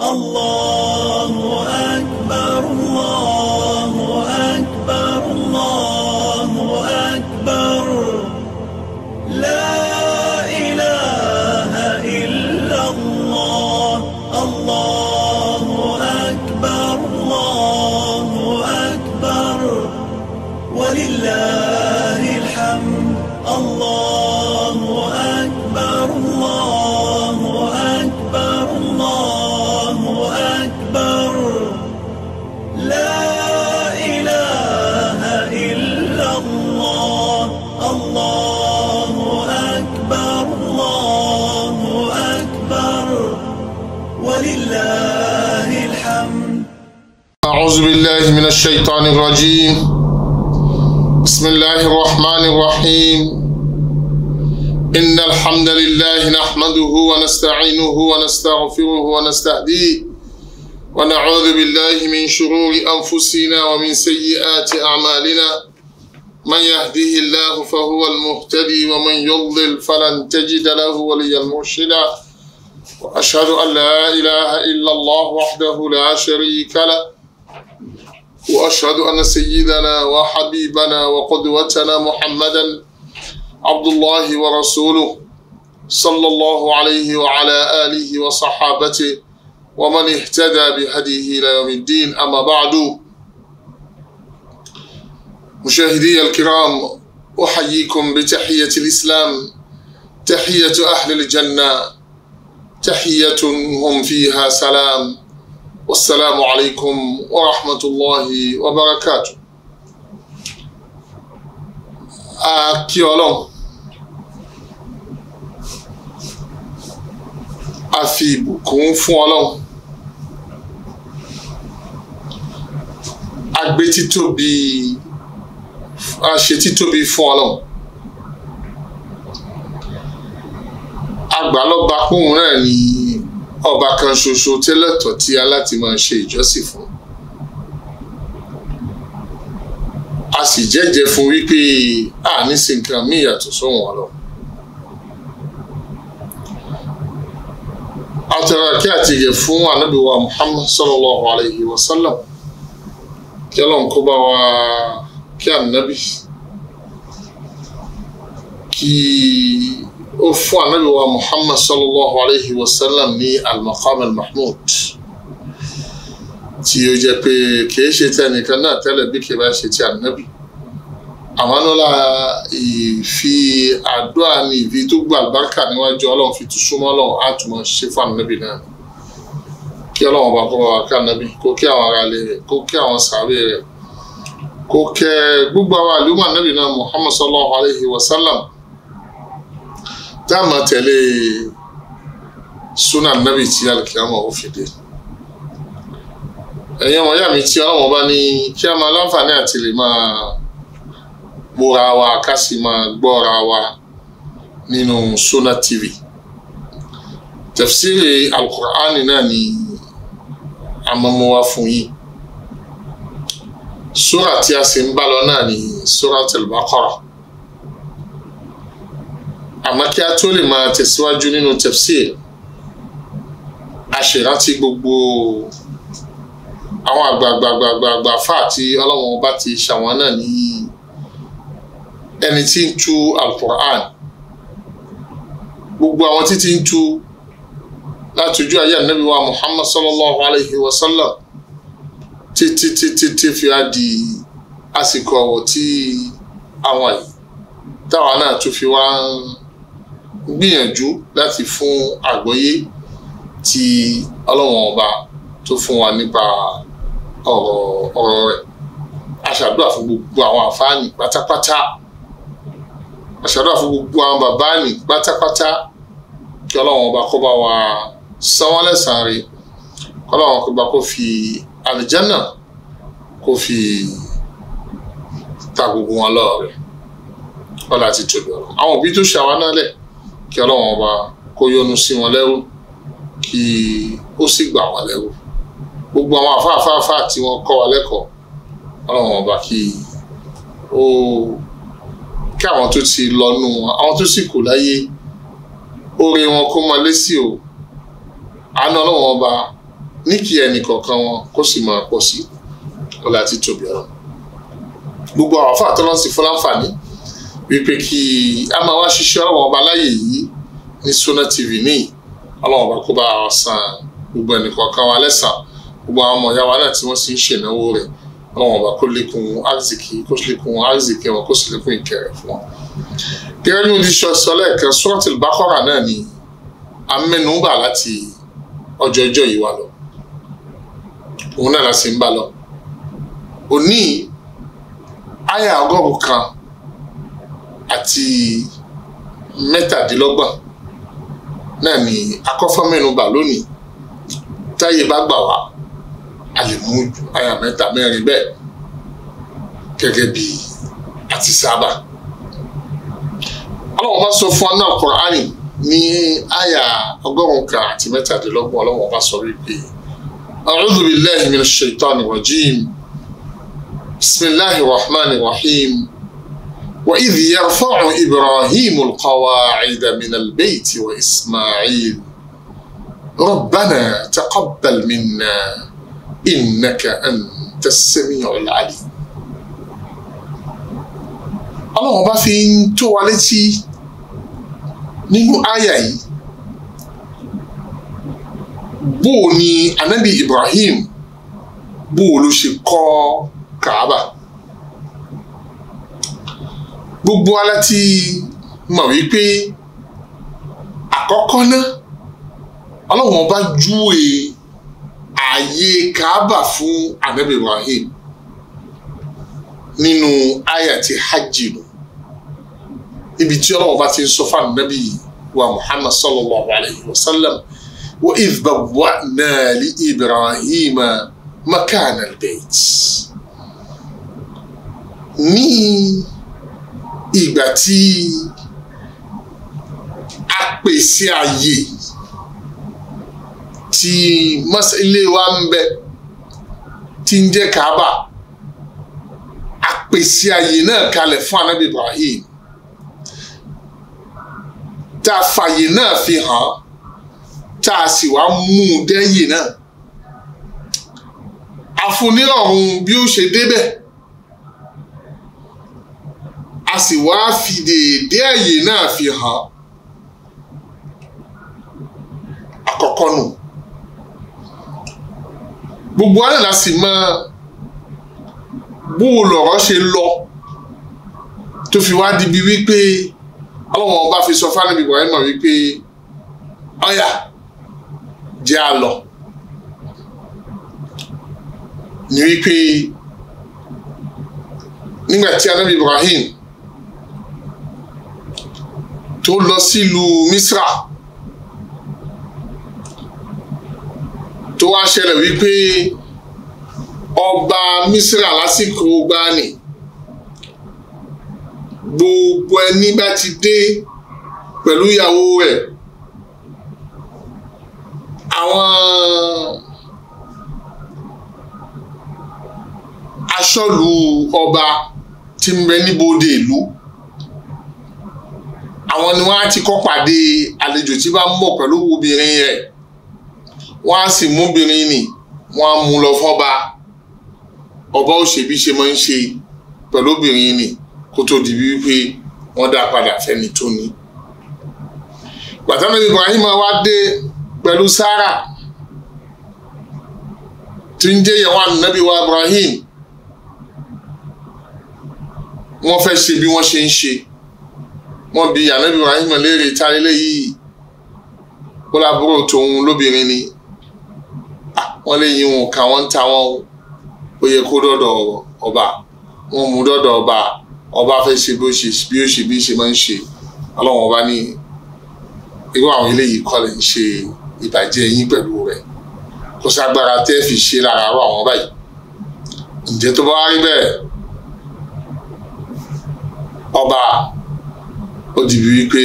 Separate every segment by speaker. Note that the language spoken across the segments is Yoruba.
Speaker 1: الله أكبر
Speaker 2: الشيطان الرجيم بسم الله الرحمن الرحيم إن الحمد لله نحمده ونستعينه ونستغفره ونستهديه ونعوذ بالله من شرور أنفسنا ومن سيئات أعمالنا من يهده الله فهو المهتدي ومن يضلل فلن تجد له وليا مرشدا وأشهد أن لا إله إلا الله وحده لا شريك له واشهد ان سيدنا وحبيبنا وقدوتنا محمدا عبد الله ورسوله صلى الله عليه وعلى اله وصحابته ومن اهتدى بهديه الى يوم الدين اما بعد مشاهدي الكرام احييكم بتحيه الاسلام تحيه اهل الجنه تحيه هم فيها سلام والسلام عليكم ورحمة الله وبركاته akí ọlọ́run a fi ìbùkún fún ọlọ́run a gbé títóbi a ṣe títóbi fún ọlọ́run àgbàlọ́ba kóhun náà ni ọba kan ṣoṣo tẹ́lẹ̀tọ̀ tí aláti máa ṣe ìjọsìn fún a sì jẹ́jẹ́ fún wípé a ní sí nǹkan míì yàtọ̀ sóhun Ọlọ́run atara àti yẹ fún Ànábì Muhammad sallallahu alayhi wa sallam kí Ọlọ́run kó bá wa kí Ànábì kí ó fún anabi wa muhammad sallallahu alayhi wa sallam ní al-maqam al-mahmud tí ó jẹ́ pé kìí ṣe tí ẹnìkan náà tẹ́lẹ̀ bí kìí bá ṣe ti ànábì àmọ́nọ́lá ìfi àdúrà ní ìfi tó gbà bákà níwájú ọlọ́run fi túnṣúmọ́ ọlọ́run á tún mọ́ ṣe fún ànábì náà kí ọlọ́run bá kọ́ bá wà kó kí àwọn ará ilé rẹ̀ kó kí àwọn sàárè rẹ̀ kó kẹ́ gbogbo àwọn àlùmọ́ ànábì náà muhammad sallallahu alayhi wa sallam tá a máa tẹ̀lé sunan nabi tí alikiyama ò fi dé ẹ̀yin ọmọ ìyá mi tí ọlọ́wọ́n bá ní kí a máa láǹfààní àti lè máa gbọ́ra wa ká sì máa gbọ́ra wa nínú Sunna TV tafsiri alukur'ani náà ni amamuwa fún yín sura tí a sì ń bá lọ náà ni suratul Baqara àmọ́ kí a tó lè máa tẹ̀síwájú nínú tafsir a ṣèrántí gbogbo àwọn àgbààgbààgbààgbà fáà tí ọlọ́wọ́n bá ti ṣàwọn náà ní ẹni tí ń tú alukur'an gbogbo àwọn tí ń tú láti ojú ayé ànábi wa muhammad sallallahu alayhi wa sallam títí títí tí fi á di àsìkò ọ̀wọ̀ tí àwọn yìí táwa náà tún fi wá ń gbìyànjú láti fún àgbọ́yé ti ọlọ́wọ́n ọba tó fún wa nípa ọ̀rọ̀ rẹ̀ a ṣàdúrà fún gbogbo àwọn àfáàní pátápátá a ṣàdúrà fún gbogbo àwọn bàbáàní pátápátá kí ọlọ́wọ́n ọba kó bá wa san wọ́n lẹ́sàn-án rẹ̀ ọlọ́wọ́n ọba kó fi àlìjánà kó fi ta gbogbo wọn lọ́ọ̀rẹ́ ọlá ti tóbi ọ̀rọ̀ àwọn òbí tó ṣe àwa náà lẹ́ẹ̀ kí ọlọ́run ọba kó yọ́nú sí wọn lẹ́rú kí ó sì gbà wọ́n lẹ́rú gbogbo àwọn àfáàfáàfá tí wọ́n kọ́ wa lẹ́kọ̀ọ́ ọlọ́run ọba kí ó kí àwọn tó ti lọ́nu wọn àwọn tó sì kù láyé oore wọn kó máa lé sí o àánú ọlọ́run ọba ní kí ẹnì wọn kó sì máa pọ̀ sí ọlá títóbi ọ̀rọ̀ gbogbo àwọn àfáà tó lọ́n sí fún láǹfààní wípé kí a máa wá ṣiṣẹ́ ọlọ́wọ́n ọba láyè yìí ní Sunna TV ní ọlọ́wọ́n ọba kó bá wa san gbogbo ẹnìkọ̀ọ̀kan wa lẹ́san gbogbo àwọn ọmọ ìyá wa náà tí wọ́n sì ń ṣènáwó rẹ̀ ọlọ́wọ́n ọba kó lékun arzikì kó lékun arzikì wọn kó sì lékun ìkẹrẹ fún wọn. gẹ́gẹ́ bí mo ti sọ sọ lẹ́ẹ̀kan Suratul Baqara náà ni a mẹ́nu bà láti ọjọ́ ọjọ́ yìí wà lọ òun náà la sì ń bá lọ òní àyà ọgọ́rùn kan àti mẹ́tàdínlọ́gbọ̀n náà ni akọ́fọ́mẹ́nubà lónìí táyé bá gbà wá a lè mú àyà mẹ́ta mẹ́rin bẹ́ẹ̀ gẹ́gẹ́ bí àti sábà ọlọ́run bá sọ fún anáà kùránì ní àyà ọgọ́rùn-ún kan àti mẹ́tàdínlọ́gbọ̀n ọlọ́run bá sọ wípé a'udhu billahi minash shaitani rajim bismillahir rahmanir rahim. وإذ يرفع إبراهيم القواعد من البيت وإسماعيل ربنا تقبل منا إنك أنت السميع العليم ọlọ́run bá fi ń tó wa létí nínú àyà yìí bó o gbogbo wa láti mọ̀ wípé àkọ́kọ́ náà ọlọ́run ọba júwe ààyè kaaba fún anabi ibrahim nínú àyà ti hajj nù ibi tí ọlọ́run ọba ti ń sọ fún anabi wa muhammad sallallahu alayhi wa sallam wa idh bawwa'na li ibrahim makana al ìgbà tí a pèsè àyè tí ilé wa ń bẹ tí ń jẹ́ Kaaba a pèsè àyè náà kalẹ̀ fún Ànábì Ibrahim tá a fàyè náà fi hàn tá a sì wá mú un dẹ́yìn náà àfúnilọ̀hún bí ó ṣe débẹ̀ a sì wá fi dèédé àyè náà fi hàn àkọ́kọ́ nù gbogbo àná la sì mọ bó lọ̀rọ̀ ṣe lọ tó fi wá dibi wípé ọlọ́wọ́n ọba fi sọ fáwọn Ibrahim wípé ọ̀yà jẹ́ àlọ́ ni wípé nígbà tí Ànábì Ibrahim tó lọ sílùú Misra tó wá ṣẹlẹ̀ wípé ọba Misra lásìkò gbani gbogbo ẹni bá ti dé pẹ̀lú ìyàwó rẹ̀ àwọn aṣọ́lù ọba ti ń bẹ níbodè ìlú àwọn ni wọ́n á ti kọ́ pàdé àlejò tí bá ń bọ̀ pẹ̀lú obìnrin rẹ̀ wọ́n á sì mú obìnrin nì wọ́n á mú lọ fọ́ba ọba òṣèbí ṣe máa ń ṣe pẹ̀lú obìnrin nì kó tó di wípé wọ́n dá padà fẹ́ni tó ní. bàtàmì Ibrahim wá dé pẹ̀lú Sára tí ń jẹ́ ìyàwó ànábì wa Ibrahim wọ́n fẹ́ ṣe bí wọ́n ṣe ń ṣe wọ́n bi anabi ibrahim léèrè tálẹ́lẹ́ yìí kólábúrò tòun lóbìnrin ni ah, wọ́n lè yin òun kà wọ́n ń ta wọn ó yẹ kó dọ̀dọ̀ ọba wọ́n mú dọ̀dọ̀ ọba ọba fẹ́ ṣe bí ó ṣe bí ó ṣe bí ṣe máa ń ṣe ọlọ́wọ́n ọba ní irú àwọn eléyìí kọ́ ń ṣe ìbàjẹ́ yín pẹ̀lú rẹ̀ kó ságbára tẹ́ fi ṣe lára àárọ̀ àwọn báyìí ǹjẹ́ tó bá wá rí bẹ́ẹ̀ ọba ó ti bí wípé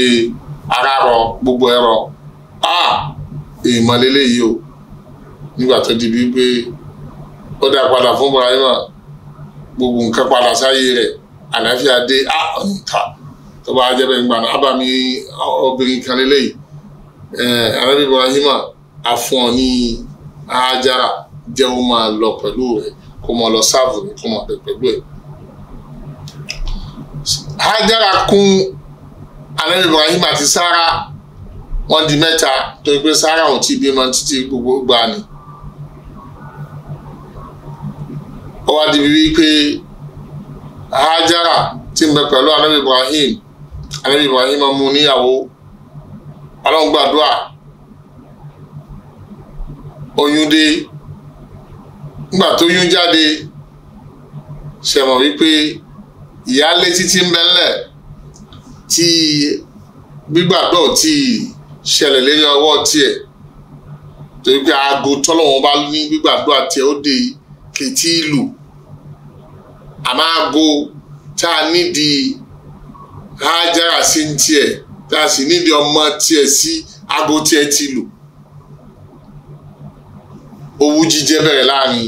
Speaker 2: ara rọ gbogbo ẹ̀rọ a ah! èèmọ̀ lélẹ́yìí o nígbà tó di wípé ó dá padà fún Ibrahima gbogbo nǹkan padà sáyé rẹ̀ àlàáfíà dé a ah! nǹkan tó bá jẹ́ bẹ́ẹ̀ gbàgbọ́ abàmì obìnrin kan lélẹ́yìí arábí Ibrahima afọ́n ní Hajara jẹ́ ó máa lọ pẹ̀lú rẹ̀ kó mọ lọ sáàbù rẹ̀ kó mọ pẹ̀lú ẹ̀ Hajara kún anabi ibrahim àti sara wọ́n di mẹ́ta torí pé sara òun ti bímọ títí gbogbo gbà ni ó wá di bíbí pé hajara ti ń pẹ̀lú anabi ibrahim anabi ibrahim mú níyàwó ọlọ́run gbàdúrà oyún dé nígbà tó yún jáde ṣẹ̀mọ̀ wípé ìyáálé títí ń bẹ tí gbígbàgbọ́ tí ṣẹlẹ̀ lórí ọwọ́ tiẹ̀ torí pé aago tọ́lọ́wọ́n bá ní gbígbàgbọ́ àti ẹ̀ ó de kìtì ìlú àmọ́ aago tá a nídìí Hájára sí ń tiẹ̀ tá a sì nídìí ọmọ tiẹ̀ sí aago tiẹ̀ ti lù owú jíjẹ bẹ̀rẹ̀ láàrin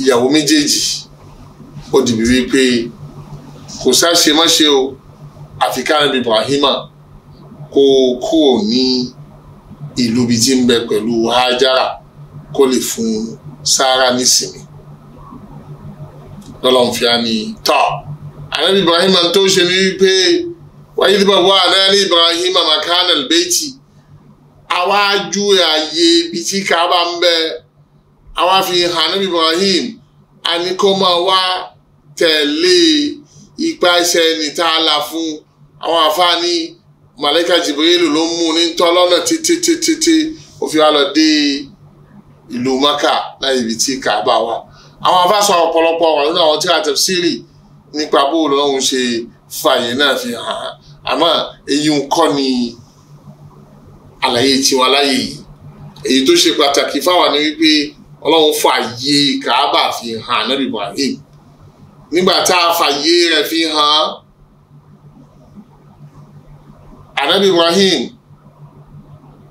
Speaker 2: ìyàwó méjèèjì ó dìbí wípé kò sáṣe mọ́ṣe o àfi kárẹ́bí Ibrahima kó kúrò ní ìlú ibi tí ń bẹ pẹ̀lú Hajara kó lè fún Sara nísìnyí lọ́lọ́run fi á ní tọ́ àrẹ́bí Ibrahima tó ṣe ní wípé wáyé tí bàbá àrẹ́bí Ibrahima makana albeiti àwájú ààyè ibi tí Kaaba ń bẹ àwa fi hàn ní Ibrahim a ní kó máa wá tẹ̀lé ipa iṣẹ́ ẹni tá fún un àwọn àfáàní màláíkà jìbìrìlù ló mú ní tọ́ lọ́nà títí títí tí ó fi wá lọ dé ìlú maka láì ibi tí kaaba wà àwọn afáṣọ ọ̀pọ̀lọpọ̀ wà nínú àwọn tí a tafsiri nípa bó lọ́hùn ṣe fààyè náà fi hàn án àmọ́ èyí ń kọ́ ni àlàyé tiwọn láyè yìí èyí tó ṣe pàtàkì fáwọn ni wípé ọlọ́run fààyè kaaba fi hàn náà Ibrahim nígbà tá a fààyè rẹ̀ fi hàn án anabi ibrahim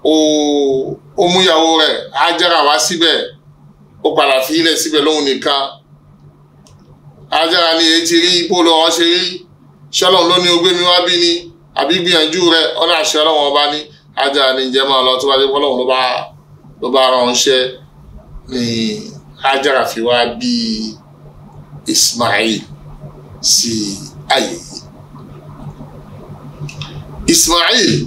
Speaker 2: ó múyàwó rẹ̀ ajara wá síbẹ̀ ó padà fi ilẹ̀ síbẹ̀ lóhun nìkan ajara ni èyí ti rí ipò lọ́wọ́ ṣe rí ṣọlọ́n ló ní ogbé mi wá bí ni àbí gbìyànjú rẹ ọ̀nà àṣẹ ọlọ́wọ́n ọba ní ajara ni ìjẹ́ máa lọ tó bá dé pọ́lọ́wọ́n ló bá ló bá ni ajara fi wá bí Ismail sí ayé. Ismail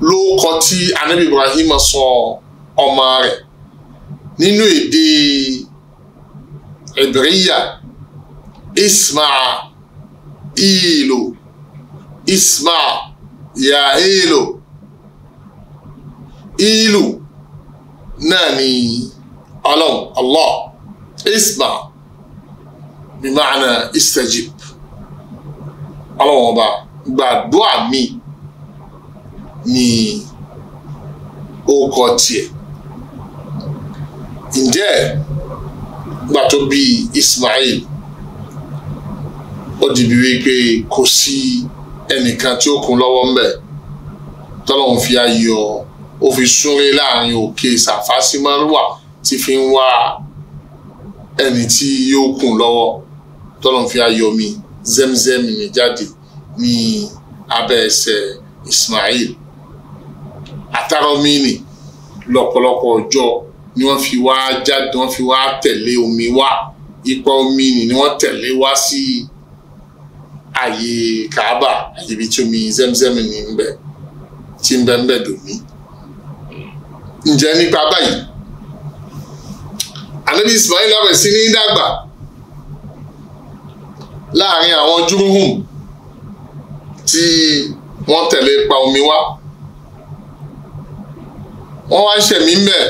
Speaker 2: ló kọ tí anabi Ibrahim sọ ọmọ rẹ̀ nínú èdè Ibriya Ismailu Isma Yailu ilu náà ni ọlọ́run Allah Isma bí máa na istajib ọlọ́run ọba gbàdúrà míì ni ó kọ tiẹ̀ ǹjẹ́ gbà tó bí Ismail ó dìbí wípé kò sí ẹnìkan tí ó kún lọ́wọ́ ńbẹ̀ tọ́lọ́hún fi ayọ̀ ó fi súnlé láàrin òkè sàfásímárùwà tí fi ń wá ẹni tí yóò kún lọ́wọ́ tọ́lọ́hún fi ayọ̀ mi zẹ́mzẹ́mì ní jáde ní abẹ́ ẹsẹ̀ Ismail àtàrà omi nì lọ́pọ̀lọpọ̀ ọjọ́ ni wọ́n fi wá jáde wọ́n fi wá tẹ̀lé omi wá ipa omi nì ni wọ́n tẹ̀lé wá sí àyè Kaaba àyè ibi tí omi Zemzem ní ń bẹ tí ń bẹ ń bẹ dòmí ǹjẹ́ nípa báyìí Ànábì Ismail abẹ sí ní dàgbà láàrin àwọn júrúhùn tí wọ́n tẹ̀lé pa omi wá wọ́n wá ń ṣẹ̀mí mbẹ̀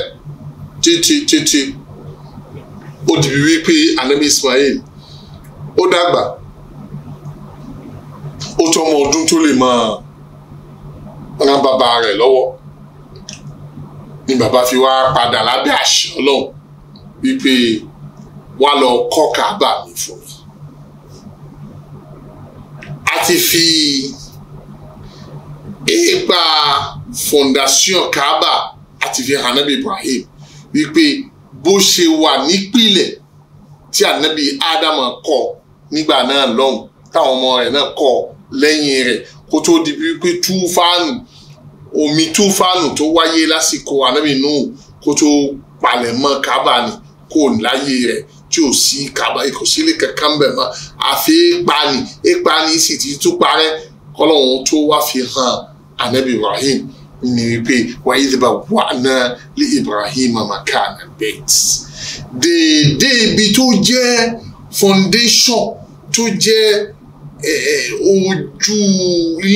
Speaker 2: títí títí ó dìbí wípé anabi Ismail ó dàgbà ó tó ọmọ ọdún tó lè máa ran bàbá rẹ̀ lọ́wọ́ ni bàbá fi wá padà lábẹ́ àṣẹ ọlọ́run wípé wá lọ kọ́ kábà mi fún mi a ti fi ipa fondation kábà àti fi hàn ànábì Ibrahim wípé bó ṣe wà nípìlẹ̀ tí ànábì Ádámù kọ́ nígbà náà lọ́hùn táwọn ọmọ rẹ̀ náà kọ́ lẹ́yìn rẹ̀ kó tó di wípé túfánù omi túfánù tó wáyé lásìkò ànábì Nuhu kó tó palẹ̀ mọ́ kábà ni kò láyé rẹ̀ tí ò sí kábà kò sílé kankan bẹ̀ mọ́ àfi ìpani ìpani sì ti tún parẹ́ kọ́lọ́hún tó wá fi hàn ànábì Ibrahim ni wípé wàyídìbà wà náà lé Ibrahim makana bet dèédé ibi tó jẹ́ foundation tó jẹ́ e, e, ojú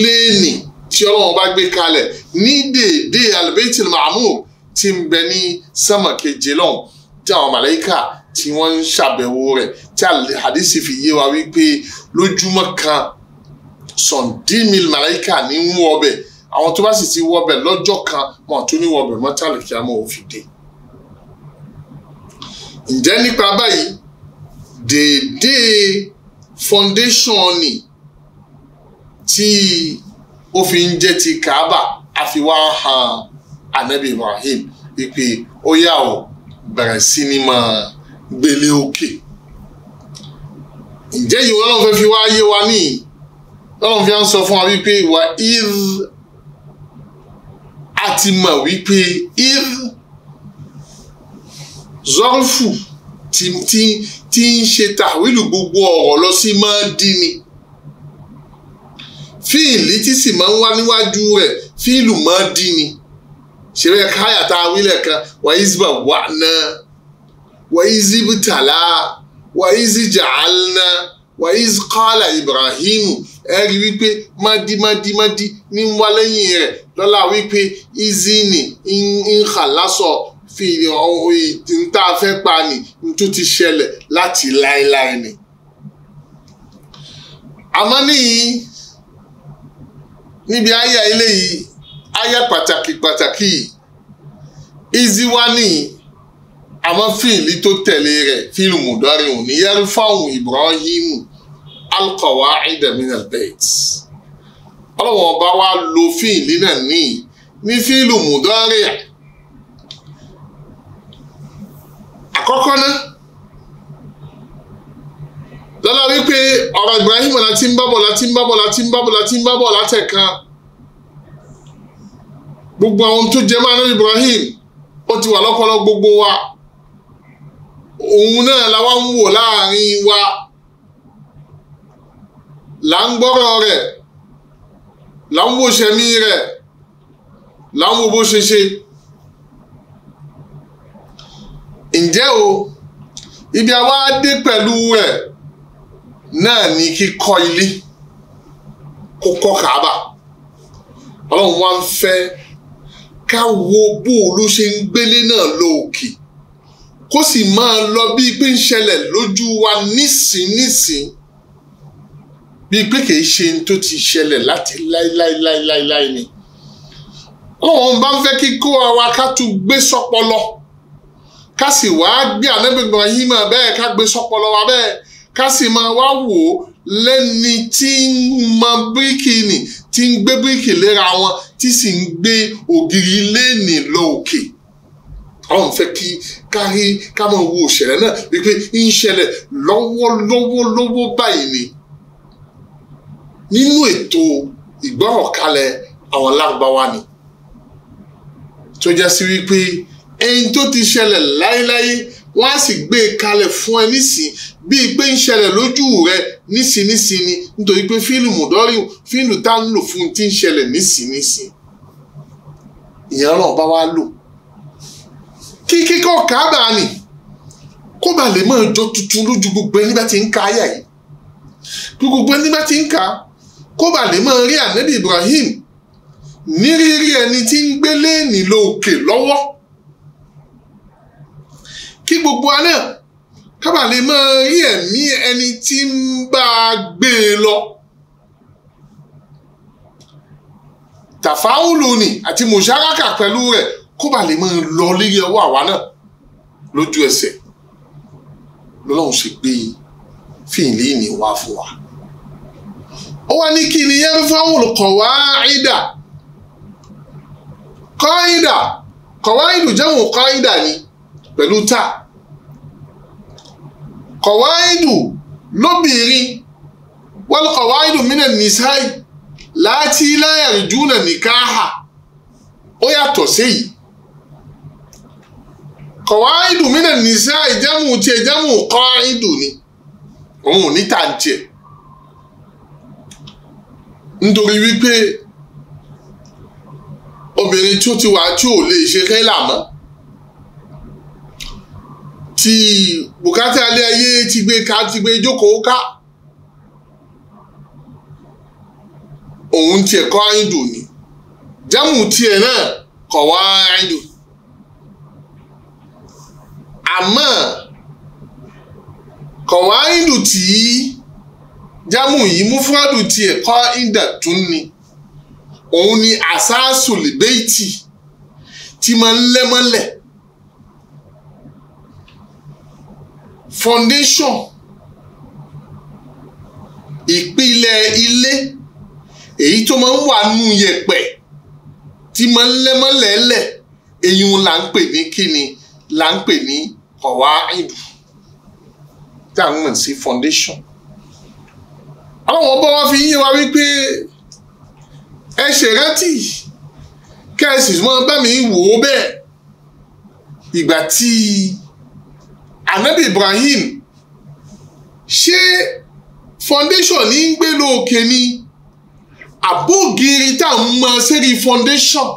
Speaker 2: léènì tí ọlọ́run bá gbé kalẹ̀ ní dèédé albetil mahmud ti ń bẹ ní sánmà keje lọ́hùn tí àwọn màláíkà tí wọ́n ń ṣàbẹ̀wò rẹ̀ tí hadisi fi yé wa wípé lójúmọ́ kan sọ̀ndínmìl màláíkà ní ń wọ ọbẹ̀ àwọn tó bá sì ti wọbẹ̀ lọ́jọ́ kan wọn tún ní wọbẹ̀ mọ́tàlì kí òfin dé. ǹjẹ́ nípa báyìí déédéé foundation ni tí ó fi ń jẹ́ ti Kaaba àfiwá hàn anabi Ibrahim wípé ó yà ó bẹ̀rẹ̀ sí ni máa gbélé òkè. ǹjẹ́ ìwọ náà fẹ́ fi wá yé wa níyì lọ́run fi ń sọ fún wa wípé wà íz a ti mọ̀ wípé if zọ́ǹfù ti ti ti ń ṣe tàwílù gbogbo ọ̀rọ̀ lọ sí mọ́ọ́dí ni fíìlì tí sì máa ń wá níwájú rẹ̀ fíìlù mọ́ọ́dí ni ṣeré káyà tá a wí lẹ́ẹ̀kan wàyíṣbà wà náà wàyíṣbìtàlá wàyíṣìjà àlná wàyíz kọ́lá ibrahim ẹ̀rí wípé mádìmádìmádì ní wá lẹ́yìn rẹ̀ lọ́la wípé izini nkàlásọ̀ fi ìtìntà fẹ́ pa ni tó ti ṣẹlẹ̀ láti láéláé ni. àmọ́ níyì níbi àyà ilé yìí àyà pàtàkì pàtàkì yìí iziwa níyì àmọ́ fíìlì tó tẹ̀lé rẹ̀ fíìlì mùdọ́rin òní yẹrù fáwọn ibrahimu alqawaida min albayt ọlọ́wọ́n ọba wa lo fíìlì náà ní ní fíìlù mùdọ́rì àkọ́kọ́ náà lọ́la wípé ọ̀rọ̀ Ibrahim láti ń bábọ̀ láti ń bábọ̀ láti ń bábọ̀ láti ń bábọ̀ látẹ̀kan gbogbo àwọn tó jẹ máa náà Ibrahim ó ti wà lọ́pọlọ gbogbo wa òun náà la ń wò láàrin wa là ń gbọ́rọ̀ rẹ̀ là ń wòṣẹ̀mí rẹ̀ là ń wo bó ṣe ṣe. o ibi àwa dé pẹ̀lú rẹ̀ náà ni kíkọ́ ilé kó kọ́ kàábà wá ń fẹ́ ká wo bó ló ṣe ń gbélé náà lóòkè kó sì máa lọ bíi pé ń ṣẹlẹ̀ lójú wa nísìnyìísìnyìí bíi pé kìí ṣe ní tó ti ṣẹlẹ̀ láti láíláíláíláí ni ọlọ́run bá ń fẹ́ kí kó wa ká tún gbé sọpọlọ ká sì wá gbé ànábìgbọ̀n yìí mọ̀ bẹ́ẹ̀ ká gbé sọpọlọ wa bẹ́ẹ̀ ká sì máa wá wò ó lẹ́ni tí ń mọ bíríkì nì tí ń gbé bíríkì léra wọn tí sì ń gbé ògiri léènì lọ òkè ọ̀hún fẹ́ kí kárí ká máa wo òṣèlè náà wípé ń ṣẹlẹ̀ lọ́wọ́lọ́wọ́lọ́wọ́ báyìí ni nínú ètò ìgbọ́rọ̀kalẹ̀ àwọn lárúbáwá ni tó jẹ́ sí wípé ẹyin tó ti ṣẹlẹ̀ láéláé wọ́n á sì gbé e kalẹ̀ fún ẹ nísìn bíi pé ń ṣẹlẹ̀ lójú rẹ nísinsìnyí ni nítorí pé fíìlùmù dọ́rí fíìlù tá ń lò fún ti ń ṣẹlẹ̀ nísinsìnyí ìyẹn náà bá wá lò kí kíkọ́ kábàá nì kó bàa lè máa jọ tuntun lójú gbogbo ẹni bá ti ń ka ayà yìí gbogbo ẹni bá ti ń ka kó bà lè máa rí ànábì Ibrahim nírírí ẹni tí ń gbé léènì lóòkè lọ́wọ́ kí gbogbo alẹ́ ká bà lè máa rí ẹ̀mí ẹni tí ń bá a gbé e lọ. tàfáwùlù ni àti mùsáràkà pẹ̀lú rẹ̀ kó bà lè máa lọ lórí ọwọ́ àwa náà lójú ẹsẹ̀ lọ́lọ́run ṣe gbé e, fìlíìnì wá fún wa ó wá ní kí ni yarfa'ul qawaida qaida qawaidu jẹ́wọ̀n qaida ni pẹ̀lú ta qawaidu lóbìnrin wal qawaidu minan nisa'i láti la yarjuna nìkáhà ó yàtọ̀ séyìí qawaidu minan nisa'i ìjẹ́mù tiẹ̀ jẹ́mù qa'idu ni òun ò ní tàǹtìẹ̀ nítorí wípé obìnrin tí ó ti wà tí ò lè ṣe hélà mọ́ tí bùkátà alẹ́ ayé ti gbé ká ti gbé jókòó ká òun tiẹ̀ kọ́ àìdùn ni jámù tiẹ̀ náà kọ̀ wá àìdùn àmọ́ kọ̀ wá àìdùn tì jámù yìí mufradu tiẹ̀ kọ́ ìdà tún ni òun ni àsáàsù lìbẹ́ẹ̀tì tí máa ń lẹ́ mọ́lẹ̀ foundation ìpìlẹ̀ ilé èyí tó máa ń wà nù yẹ̀pẹ̀ tí máa ń lẹ́ mọ́lẹ̀ lẹ̀ èyí là ń pè ní kíni là ń pè ní kọ̀wá ìdù tá à ń mọ̀ sí foundation ọlọ́wọ́n bọ́ wá fi yé wa wípé ẹ ṣèrántí kẹ́sì mọ́ bá mi wò ó bẹ́ẹ̀ ìgbà tí anabi Ibrahim ṣé foundation ní ń gbé lóòkè ni àbóògiri tá à ń mọ sẹ́rí foundation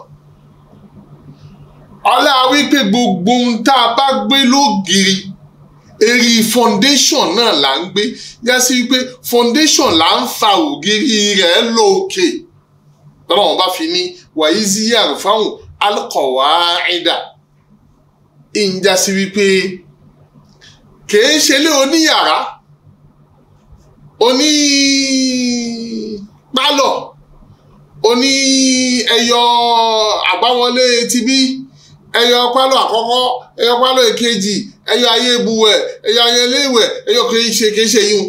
Speaker 2: ọlá wípé gbogbo ohun tá a bá gbé lóògiri. Eri foundation náà là ń gbé yẹ sí foundation là ń fa ògiri rẹ̀ lókè lọ́nà wọn bá fi ní wàyíṣíyà fáwọn alukọ̀wá ẹ̀dà ìjà sí wípé kìí ṣe lé oníyàrá oní pálọ̀ oní ẹyọ àbáwọlé tibí ẹyọ pálọ̀ àkọ́kọ́ ẹyọ pálọ̀ èkejì. E ẹyọ ayé ebuwẹ ẹyọ ayé eléwẹ ẹyọ kìí ṣe kìí ṣe yín o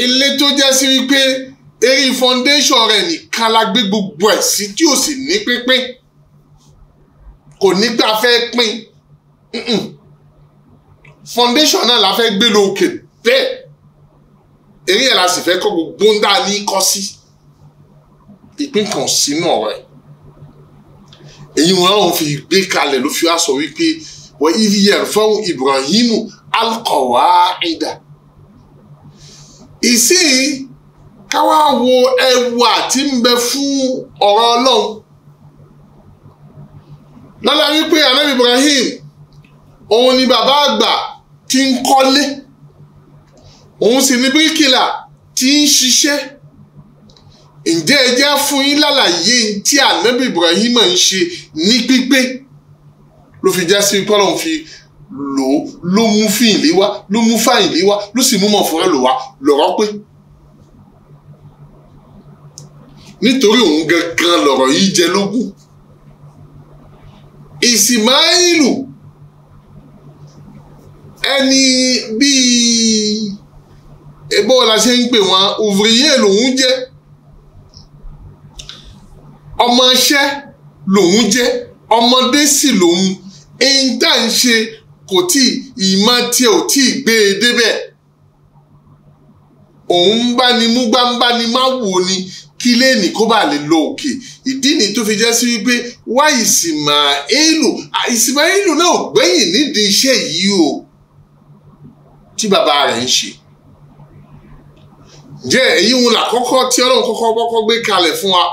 Speaker 2: ilé tó jẹ́ sí wípé eré foundation rẹ̀ nìkan la gbé gbogbo ẹ̀ sí tí ò sì ní pínpín kò ní pé a fẹ́ pín foundation náà la fẹ́ gbé lókè bẹ́ẹ̀ eré ẹ̀ la sì fẹ́ kọ́ gbogbo ń dá ní kọ́ sí ìpín kan sínú ọ̀rọ̀ ẹ̀ èyí wọn lọ́wọ́ fi gbé kalẹ̀ ló fi wá sọ wípé wọ́n ibi yẹn fáwọn ibrahimu alkọ̀wá ìdá ìsìn káwá wo ẹwà tí ń bẹ fún ọ̀rọ̀ ọlọ́run lọ́la wípé anabi ibrahim òun ni bàbá àgbà tí ń kọ́lé òun sì ni bíríkìlà tí ń ṣiṣẹ́ ǹjẹ́ ẹ jẹ́ fún yín lálàyé tí ànábì Ibrahim ń ṣe ní pípé ló fi já sí pé ọlọ́run fi lò ó ló mú fìlì wá ló mú fàìlì wá ló sì mú mọ̀ fúnra lò wá lọ́rọ́ pé nítorí òun gangan lọ̀rọ̀ yìí jẹ lógún Ìsìmáìlù ẹni bíi ebó la ṣe ń pè wọn òvìrìyè lòun jẹ́ ọmọọṣẹ́ lòun jẹ́ ọmọdé sì lòun ẹ̀yìn tá à ń ṣe kò tí ìmọ̀ tiẹ̀ ò tí ì gbé e débẹ̀ òun ń bá ni mú gbáǹbá ni má wò ni kí léènì kó bá lè lọ òkè ìdí ni tó fi jẹ́ sí wípé wá ìsìmáìlù ìsìmáìlù náà ò gbẹ̀yìn nídìí iṣẹ́ yìí o tí bàbá rẹ̀ ń ṣe jẹ́ èyí ń là tí ọlọ́run kọ́kọ́ gbé kalẹ̀ fún wa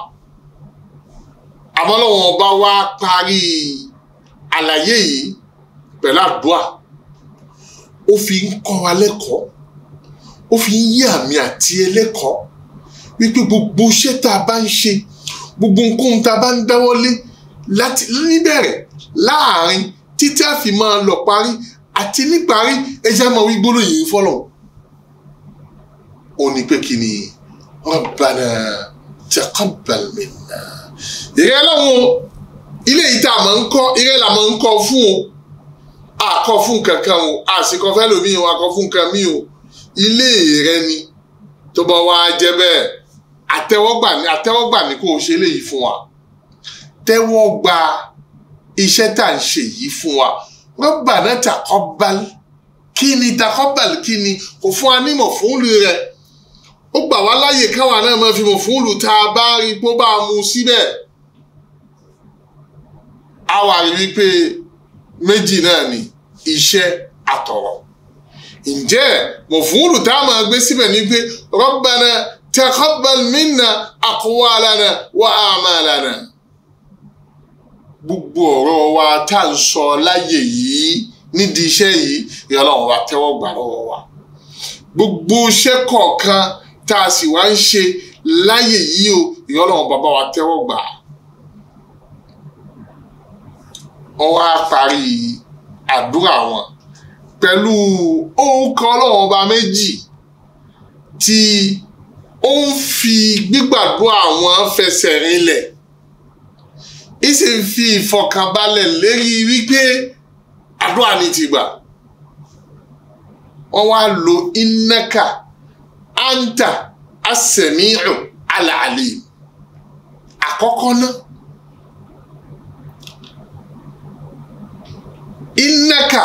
Speaker 2: àmọ́lọ́wọ́n ọba wa parí àlàyé yìí pẹ̀lú àdúrà ó fi ń kọ́ wa lẹ́kọ̀ọ́ ó fi ń yí àmì àti ẹlẹ́kọ̀ọ́ wípé gbogbo iṣẹ́ tá a bá ń ṣe gbogbo nǹkan tá a bá ń dáwọ́lé láti níbẹ̀rẹ̀ láàrin títí a fi máa lọ parí àti níparí ẹjẹ́ máa wí gbólóyè yìí fọ́lọ̀ ó pé kí ni rabbana taqabbal minna ìrẹ́ lọ́hùn ilé yìí tá a máa ń kọ́ ìrẹ́ là máa ń kọ́ fún o àkọ́ fún kankan o àsìkò fẹ́ lómi o àkọ́ fún nǹkan mi o ilé rẹ ni tó bá wá jẹ́ bẹ́ẹ̀ àtẹ́wọ́gbà ni àtẹ́wọ́gbà ni kò ṣe léyìí fún wa tẹ́wọ́ gba iṣẹ́ tá à ń ṣe yìí fún wa Rabbana taqabbal kí ni taqabbal kí ni kò fún wa nímọ̀ fún rẹ̀ ó gbà wá láyè káwa náà máa fi mọ̀ fún olùta bá rí bó bá mu síbẹ̀ a wà rí wípé méjì náà ni iṣẹ́ àtọ̀rọ̀ ǹjẹ́ mọ̀ fún olùta máa gbé síbẹ̀ ní pé Rabbana taqabbal minna aqwalana wa a'malana gbogbo ọ̀rọ̀ wa tá à ń sọ láyè yìí nídìí iṣẹ́ yìí ìyá ọlọ́run wa tẹ́wọ́ gbà lọ́wọ́ wa gbogbo iṣẹ́ kọ̀ọ̀kan tá a sì wá ń ṣe láyè yìí o ìyẹn ọlọ́run bàbá wa tẹ́wọ́ gbà á. wọ́n wá parí àdúrà wọn pẹ̀lú orúkọ ọlọ́run ọba méjì tí ó ń fi gbígbàdúrà wọn fẹsẹ̀ rinlẹ̀ ìsì ń fi ìfọkànbalẹ̀ lérí wípé àdúrà ni ti gbà wọ́n wá lo ináka anta asẹ̀míhù alàlè àkọ́kọ́ náà innaka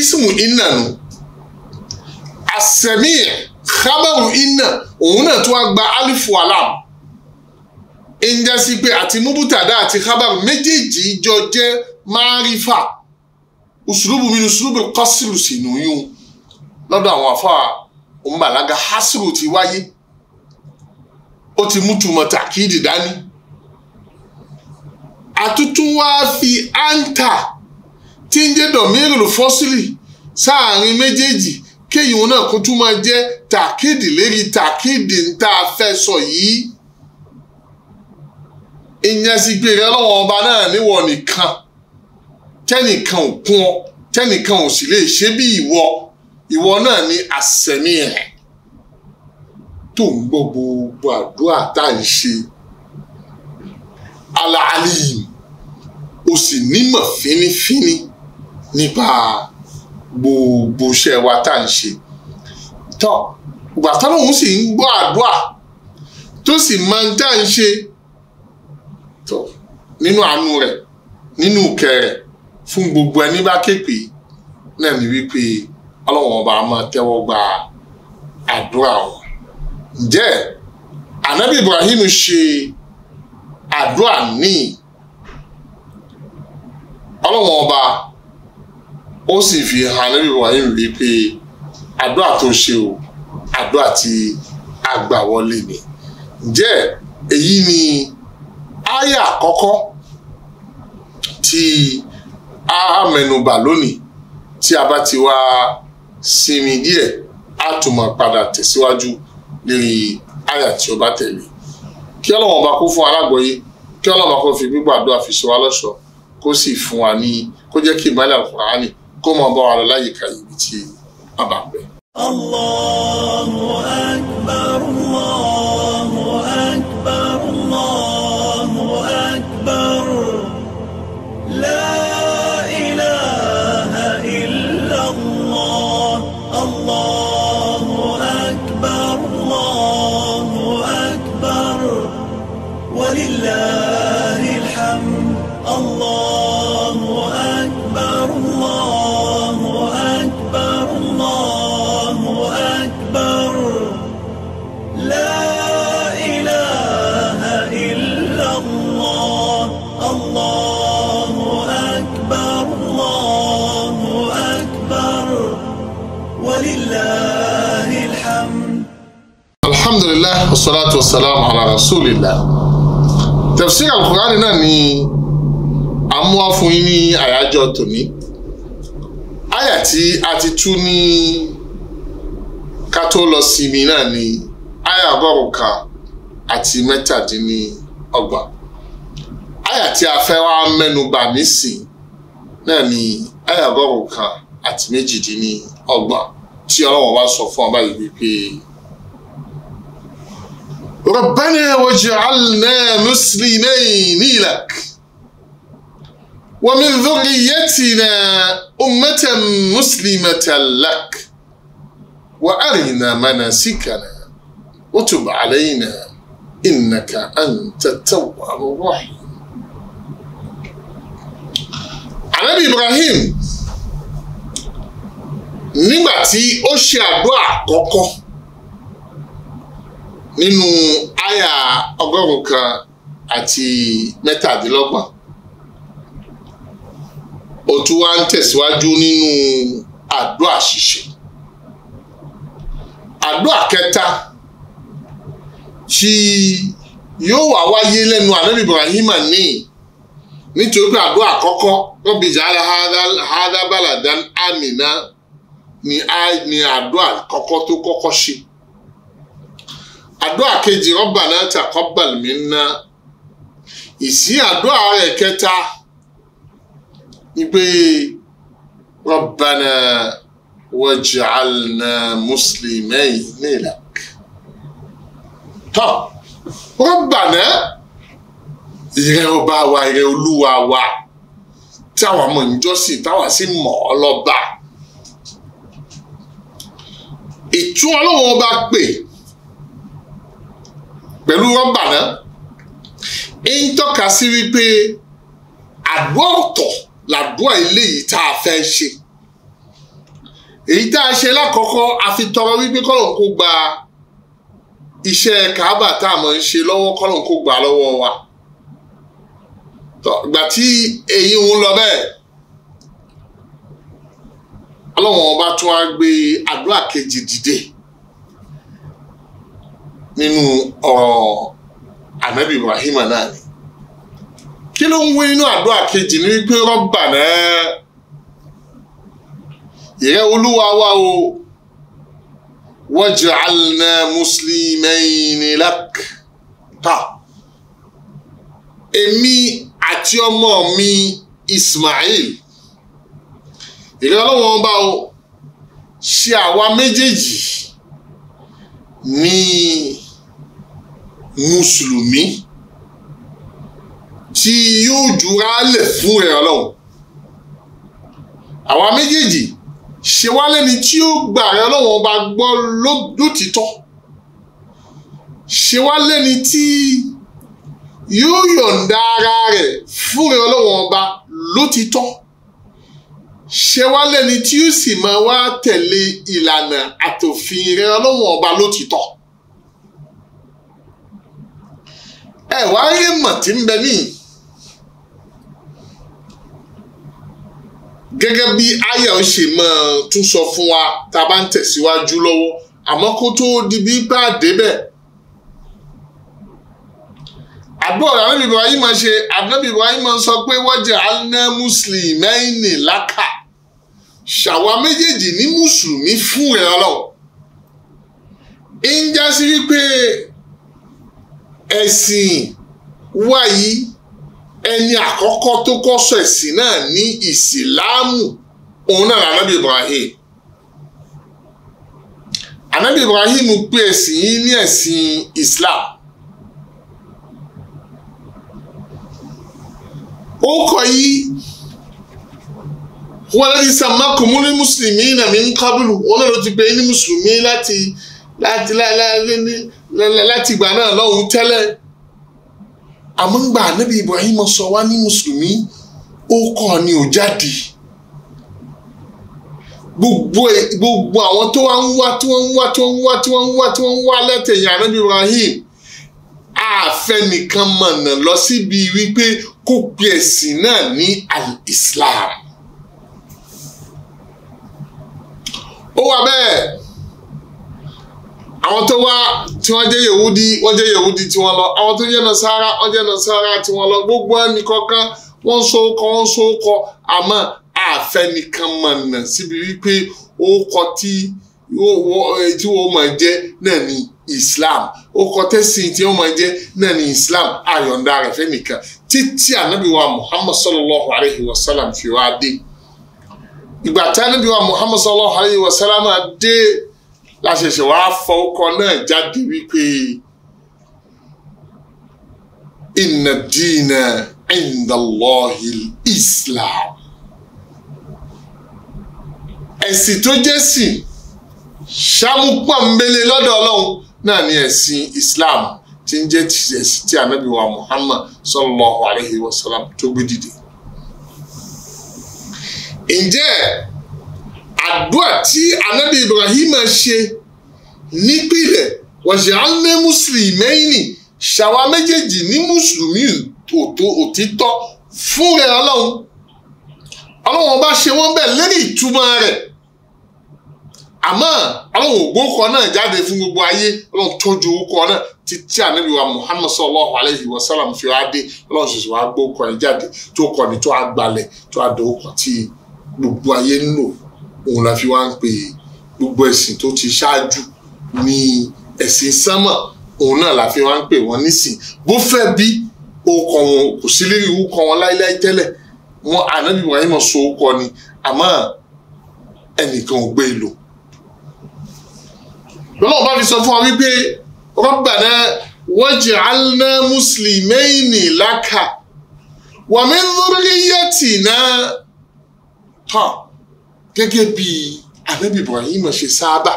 Speaker 2: ismu inna nu asẹ̀míhù khabaru inna òun náà tó wá gba alifu alam ń já sí pé àti mubutada àti khabaru méjèèjì jọ jẹ́ márífà usulubu mi usulubu kọ́sìlù sínú yún lọ́dọ̀ àwọn àfáà òǹbàlága hásùrù ti wáyé ó ti mú túmọ̀ tàkìdì dání àtútù wá fi áńtà tí ń jẹ́ dọ̀míìrìlù fọ́sílì sáàrin méjèèjì kéyìn náà kó tún máa jẹ́ tàkìdì lérí tàkìdì ń tá a fẹ́ sọ yìí ìyẹn sì gbèrè ọlọ́wọ́n ọba náà níwọ̀ nìkan tẹ́nìkan ò kún ọ tẹ́nìkan ò sì lè ṣe bí ìwọ ìwọ náà ni àsẹ̀mí ẹ̀ tó ń gbọ́ gbogbo àdúrà tá à ń ṣe alaalim o sì nímọ̀ fínífíní nípa gbogbo iṣẹ́ wa tá à ń ṣe tọ́ ìgbà táwọn òun sì ń gbọ́ àdúrà tó sì máa ń dá ń ṣe tọ́ nínú àánú rẹ̀ nínú ìkẹ́ fún gbogbo ẹni bá képe náà ní wípé ọlọ́run ọba a máa tẹ́wọ́ gba àdúrà o ǹjẹ́ ànábì Ibrahim ṣe àdúrà níì ọlọ́run ọba ó sì fi hàn ànábì Ibrahim rí pé àdúrà tó ṣe o àdúrà tí a ni ǹjẹ́ èyí ni àyà àkọ́kọ́ tí a mẹ́nubà lónìí tí a bá ti wá. Wa sinmi díẹ̀ á padà tẹ̀síwájú lórí àyà tí ó bá tẹ̀lé kí ọlọ́wọ́n bá kó fún alágbọ̀yé kí ọlọ́wọ́n bá kó fi gbígbàdúrà fi ṣe lọ́ṣọ̀ọ́ kó sì fún wa ní kó jẹ́ kí ìmọ̀lẹ̀ àkùránì kó máa bá wa lọ láyìíká ibi tí a bá
Speaker 1: ولله الحمد الله أكبر الله أكبر الله أكبر لا إله إلا الله الله أكبر الله أكبر ولله الحمد الحمد لله والصلاة
Speaker 2: والسلام على رسول الله tafsir alukurani náà ni amúwá fún yín ní àyájọ́ tòní àyà tí a ti tú ní ká tó lọ sinmi náà ni àyà ọgọ́rùn kan àti mẹ́tàdínlọ́gbọ̀n àyà tí a fẹ́ wá mẹ́nu bà nísìn náà ni àyà ọgọ́rùn kan àti méjìdínlọ́gbọ̀n tí ọlọ́wọ́n wá sọ fún ọba yìí wípé. ربنا واجعلنا مسلمين لك ومن ذريتنا أمة مسلمة لك وأرنا مناسكنا وتب علينا إنك أنت التواب الرحيم عن أبي إبراهيم tí أشياء ṣe nínú àyà ọgọ́rùn kan àti mẹ́tàdínlọ́gbọ̀n ó tún wá ń tẹ̀síwájú nínú àdúrà ṣíṣe àdúrà kẹta tí yóò wá wáyé lẹ́nu ànábì Ibrahima ní nítorí pé àdúrà àkọ́kọ́ rọ́bì jàlá hádá bàlàdán àmìnà ni àdúrà àkọ́kọ́ tó kọ́kọ́ ṣe àdúrà kejì Rabbana taqabbal minna ìsí àdúrà rẹ̀ kẹta ni pé Rabbana waj'alna muslimayni lak tọ́ Rabbana ìrẹ́ ọba wa ìrẹ́ olúwa wa táwa mọ̀ ń jọ́sìn sì mọ̀ ọ́ lọ́ba ìtún ọlọ́wọ́n ọba pè é pẹ̀lú rọ́bà náà ń tọ́ka sí wípé àdúrà ọ̀tọ̀ làdúrà eléyìí tá a fẹ́ ṣe èyí tá a ṣe lákọ̀ọ́kọ́ a wípé kọ́lọ̀ kó gba iṣẹ́ kàábà tá a mọ̀ ń ṣe lọ́wọ́ kọ́lọ̀ kó gbà lọ́wọ́ wa gbà tí èyí ń lọ bẹ́ẹ̀ ọlọ́wọ́n ọba tún á gbé àdúrà kejì dìde nínú ọ̀rọ̀ ànábì Ibrahim náà ni kí ló ń wí nínú àdúrà kejì ní wípé rọ́bà náà ìrẹ́ olúwa wa o waj'alna muslimayn lak ta èmi àti ọmọ mi Ismail ìrẹ́ ọlọ́wọ́n bá o ṣe àwa méjèèjì ní. Ni mùsùlùmí tí yóò jura lẹ̀ fún rẹ̀ ọlọ́run àwa méjèèjì ṣe wá lẹ́ni tí ó gbà rẹ̀ ọlọ́run ọba gbọ́ lótìtọ́ ṣe wá lẹ́ni tí yóò yọ̀ǹda ara rẹ̀ fún rẹ̀ ọlọ́run ọba lótìtọ́ ṣe wá lẹ́ni tí yóò sì máa wá tẹ̀lé ìlànà àtòfin rẹ̀ ọlọ́run ọba lótìtọ́. ẹ wá rí mọ̀ tí ń bẹ mí. gẹ́gẹ́ bí aya ń ṣe máa tún sọ fún wa tá a bá ń tẹ̀síwájú lọ́wọ́ àmọ́ kó tó di bí bá a débẹ̀. àbúrò anábì Ibrahim máa ṣe anábì Ibrahim máa sọ pé wọ́jà alẹ́ mùsùlùmí lákà ṣàwa méjèèjì ní mùsùlùmí fún ìrànlọ́wọ́. ń jásí wípé ẹ̀sìn wa yìí ẹni àkọ́kọ́ tó kọ́ sọ ẹ̀sìn náà ní ìsìláàmù òun náà anábì Ibrahim anábì Ibrahim pé ẹ̀sìn yìí ní ẹ̀sìn Islam ó kọ yìí wọn lẹ́yìn sàmákùmú ní mùsùlùmí nàmí ń kábùlù wọn lọ́dọ̀ ti pè é ní mùsùlùmí láti láti láti láti láti ìgbà náà lọ́hùn tẹ́lẹ̀ àmúgbà níbi Ibrahim sọ wá ní mùsùlùmí ó kọ́ ni ò jáde gbogbo àwọn tó wá ń wá tí wọ́n ń wá tí wọ́n ń wá tí wọ́n ń wá tí wọ́n ń wá lẹ́tẹ̀yìn ànábì Ibrahim àfẹnìkan mọ̀nà lọ síbi wípé kó pe ẹ̀sìn náà ní al-Islam ó wà bẹ́ẹ̀ àwọn tó wá tí wọ́n jẹ́ yòwúdí wọ́n jẹ́ yòwúdí tí wọ́n lọ àwọn tó jẹ́ nasara wọ́n jẹ́ nasara tí wọ́n lọ gbogbo ẹnì kọ̀ọ̀kan wọ́n so kọ wọ́n so kọ àmọ́ àfẹnìkan mọ̀nà síbi wípé ó kọ tí eh, tí wọ́n máa jẹ́ náà ni Islam ó kọ tẹ́sí tí wọ́n máa jẹ́ náà ni Islam àyọ̀ǹda rẹ̀ fẹ́nìkan títí ànábì wa Muhammad sallallahu alayhi wa sallam fi wá dé ìgbà tí ànábì wa Muhammad sallallahu alayhi wa sallam dé láṣẹṣẹ wàá fọ ọkọ náà jáde wípé inna dina inda Allahi islam ẹ̀sìn tó jẹ́ sìn ṣàmùpọ̀nbélé lọ́dọ̀ ọlọ́run náà ni ẹ̀sìn islam tí ń jẹ́ ẹ̀sìn tí ànábì wa muhammad sallallahu alayhi wa sallam tó gbé dìde. ǹjẹ́ àdúrà tí anabi ibrahim ṣe nípìnlẹ̀ waj'alna muslimayni ṣàwa méjèèjì ní mùsùlùmí òtó òtítọ́ fún rẹ̀ ọlọ́run ọlọ́run ọba ṣe wọ́n bẹ́ẹ̀ lẹ́ni ìtumọ̀ rẹ̀ àmọ́ ọlọ́run ògbókọ náà jáde fún gbogbo ayé ọlọ́run tọ́jú orúkọ náà títí ànábì wa muhammad sallallahu alayhi wa sallam fi wá dé ọlọ́run ṣèṣe wá gbókọ ẹ̀ jáde tó kọ́ni tó àgbàlẹ̀ tó àdókọ̀ tí gbogbo ayé ń lò òun la fi wá ń pè gbogbo ẹ̀sìn tó ti ṣáájú ní ẹ̀sìn sánmọ̀ òun náà la fi wá ń pè wọ́n nísìn bó fẹ́ bí okọ̀ wọn kò sí lérí orúkọ wọn láíláí tẹ́lẹ̀ wọn ànábì wáyé mọ̀ so orúkọ ni àmọ́ ẹnìkan ò gbé e lò lọ́wọ́ bá fi sọ fún wa wípé rabbana waj'alna muslimayni laka wa min dhurriyyatina hàn gẹ́gẹ́ bí ànábì Ibrahim ṣe sáábà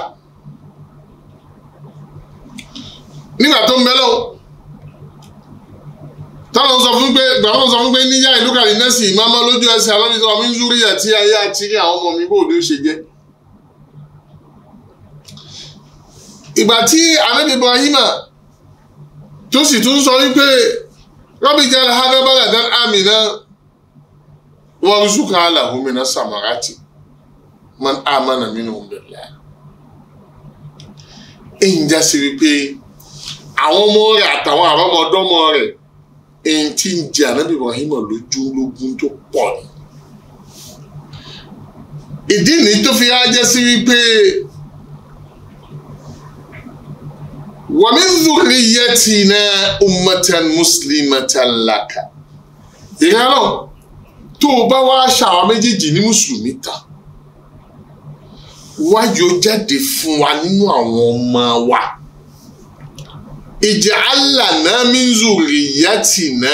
Speaker 2: nígbà tó ń bẹ lọ́wọ́ táwọn sọ fún pé gbàgbọ́n sọ fún pé níyà ìlú kàrí nẹ́sì ìmọ̀ọ́mọ́ lójú ẹsẹ̀ alọ́bí sọ mi ń zúrí àti ayé àti ní àwọn ọmọ mi bó ló ṣe jẹ́. ìgbà tí ànábì Ibrahim tó sì tún sọ wípé rọ́bì jẹ́ alhadabala dan amina wọ́n zùkọ́ àlàhùn mi náà sàmárátì man amana minhum billah èyí ń já sí wípé àwọn ọmọ rẹ̀ àtàwọn àrọ́mọdọ́mọ rẹ̀ èyí tí ń jẹ ànábì Ibrahim lójú lógún tó pọ̀ ni ìdí nìyí tó fi á jẹ́ sí wípé wa min dhurriyyatina ummatan muslimatan laka ìrẹ́rọ̀ tó o bá wá ṣàwọn méjèèjì ní mùsùlùmí tán. wáyò jáde fún wa nínú àwọn ọmọ wa ìjà alànà mizuri yàtìnà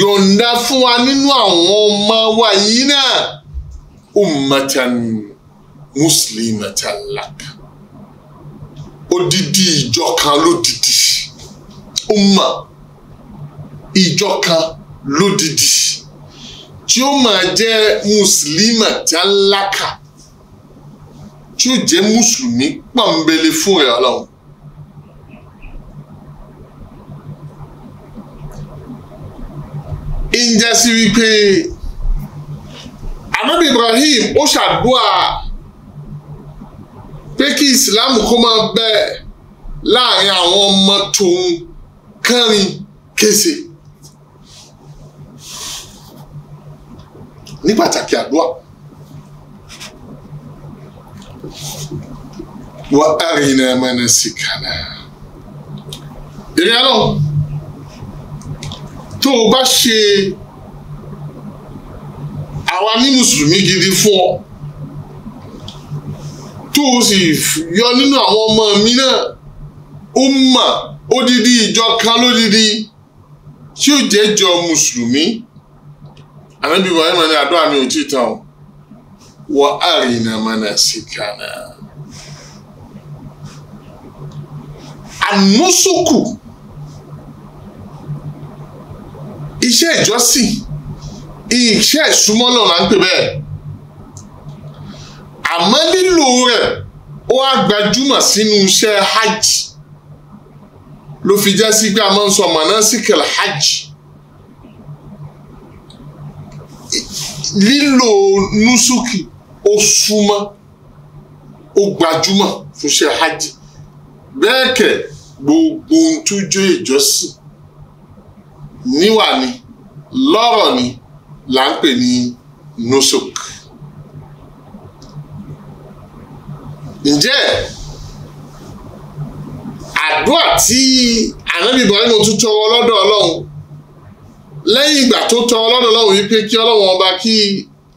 Speaker 2: yọ̀ǹda fún wa nínú àwọn ọmọ wa yìí náà ummatan muslimatan lak odidi ìjọ kan lódidi umma ìjọ kan lódidi. tí ó máa jẹ́ mùsùlùmí jálákà tí ó jẹ́ mùsùlùmí pọ̀nbélé fún rẹ̀ ọlọ́run. ìjà sí wípé anabi Ibrahim ó ṣàdúrà pé kí Islam kó máa bẹ láàrin àwọn ọmọ tòun kẹrin kése. ní pàtàkì àdúrà wà arìnà mẹ́nà síkànnà ìrìn àlọ́ tó o bá ṣe àwa ní mùsùlùmí gidi fún ọ tó o sì yọ nínú àwọn ọmọ mi náà ó mà odidi ìjọ kan lódidi tí ó jẹ́ jọ mùsùlùmí ànábì Ibrahim ní àdúrà mi ò tí ì tán o wa arina manasikana ànúsùkù iṣẹ́ ìjọsìn iṣẹ́ ìsúmọ́lọ̀ là ń pè bẹ́ẹ̀ àmọ́ lílo rẹ̀ ó wá sínú iṣẹ́ hajj ló fi jẹ́ sí pé a máa ń sọ mọ̀nà síkẹ̀lẹ̀ hajj. lílo nusuki ó súnmọ́ ó gbajúmọ̀ fún ṣe hajj bẹ́ẹ̀ kẹ̀ gbogbo ohun tó jẹ́ ìjọsìn níwà ni lọ́rọ̀ ni là ń pè ní nusuk. ǹjẹ́ àdúrà tí ànábìbọn nínú tuntun ọlọ́dọ̀ ọlọ́run lẹ́yìn ìgbà tó tọ ọlọ́run lọ́wọ́ wípé kí ọlọ́run ọba kí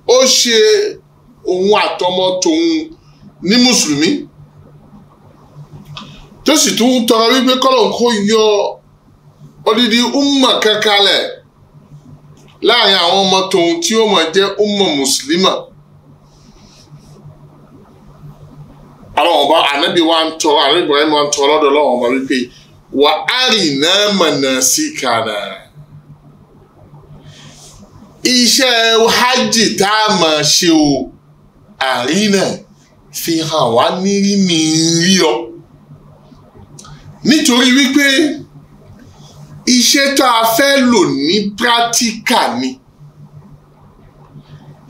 Speaker 2: ó ṣe òun àtọmọ tòun ní mùsùlùmí tó sì tún tọrọ wípé kọ́lọ́n kó yọ odidi umma kankanlẹ̀ láàrin àwọn ọmọ tòun tí ó mọ̀ jẹ́ umma mùsùlùmá. àwọn ọba anabi wa ń tọ anabi ibrahim wa ń tọ ọlọ́dọ̀ ọlọ́run ọba wípé wà á rìn náà mọ̀nà sí kànáà iṣẹ́ hajj tá a máa ṣe o àrínà fi hàn wá nírìnírí ọ nítorí wípé iṣẹ́ tá a fẹ́ lò ní pírátíkà ni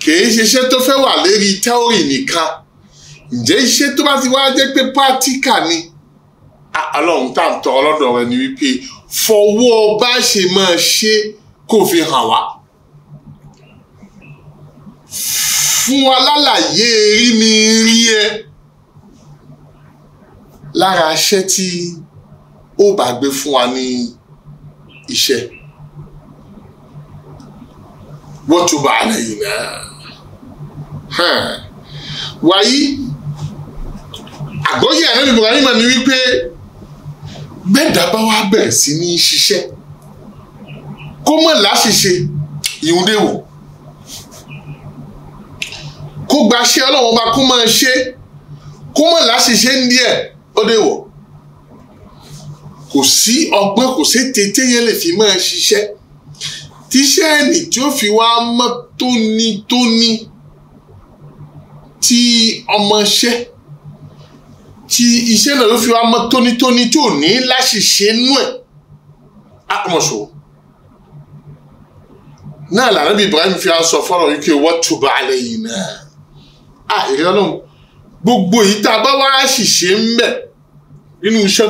Speaker 2: kìí ṣiṣẹ́ tó fẹ́ wà lérí tẹ́órì nìkan ǹjẹ́ iṣẹ́ tó bá ti wá jẹ́ pé pírátíkà ni ọlọ́run tá ń tọ́ ọlọ́dọ̀ rẹ ni wípé fọwọ́ bá ṣe máa ṣe kó fi hàn wá fún alálàyé rí mi rí ẹ lára iṣẹ́ tí ó bá gbé fún wa ní iṣẹ́ wọ́n tún bá àlẹ́ yìí náà wáyé àgbọ́yé àná Ibrahim ni wípé bẹ́ẹ̀dá bá wá bẹ̀rẹ̀ sí ní ṣiṣẹ́ kó mọ̀ láṣìṣe ìhùndéwò kó gbaṣẹ́ ọlọ́run ọba kó máa ṣe kó mọ̀ láṣìṣe ń díẹ̀ ó dé wọ̀ kò sí ọgbọ́n kò sí tètè yẹn lè fi máa ṣiṣẹ́ tíṣẹ́ ẹnì tí ó fi wá mọ́ tónítóní tí ọmọṣẹ́ tí iṣẹ́ náà ló fi wá mọ́ tónítóní tí ò ní láṣìṣe nú ẹ̀ àkọmọ̀ṣọ́ náà lànà bí Ibrahim fi wá sọ fọ́nrán yìí kí wọ́n túbọ̀ alẹ́ yìí náà à ah, èrè ọlọ́run gbogbo èyí tá a bá wá ṣìṣe ń bẹ̀ nínú iṣẹ́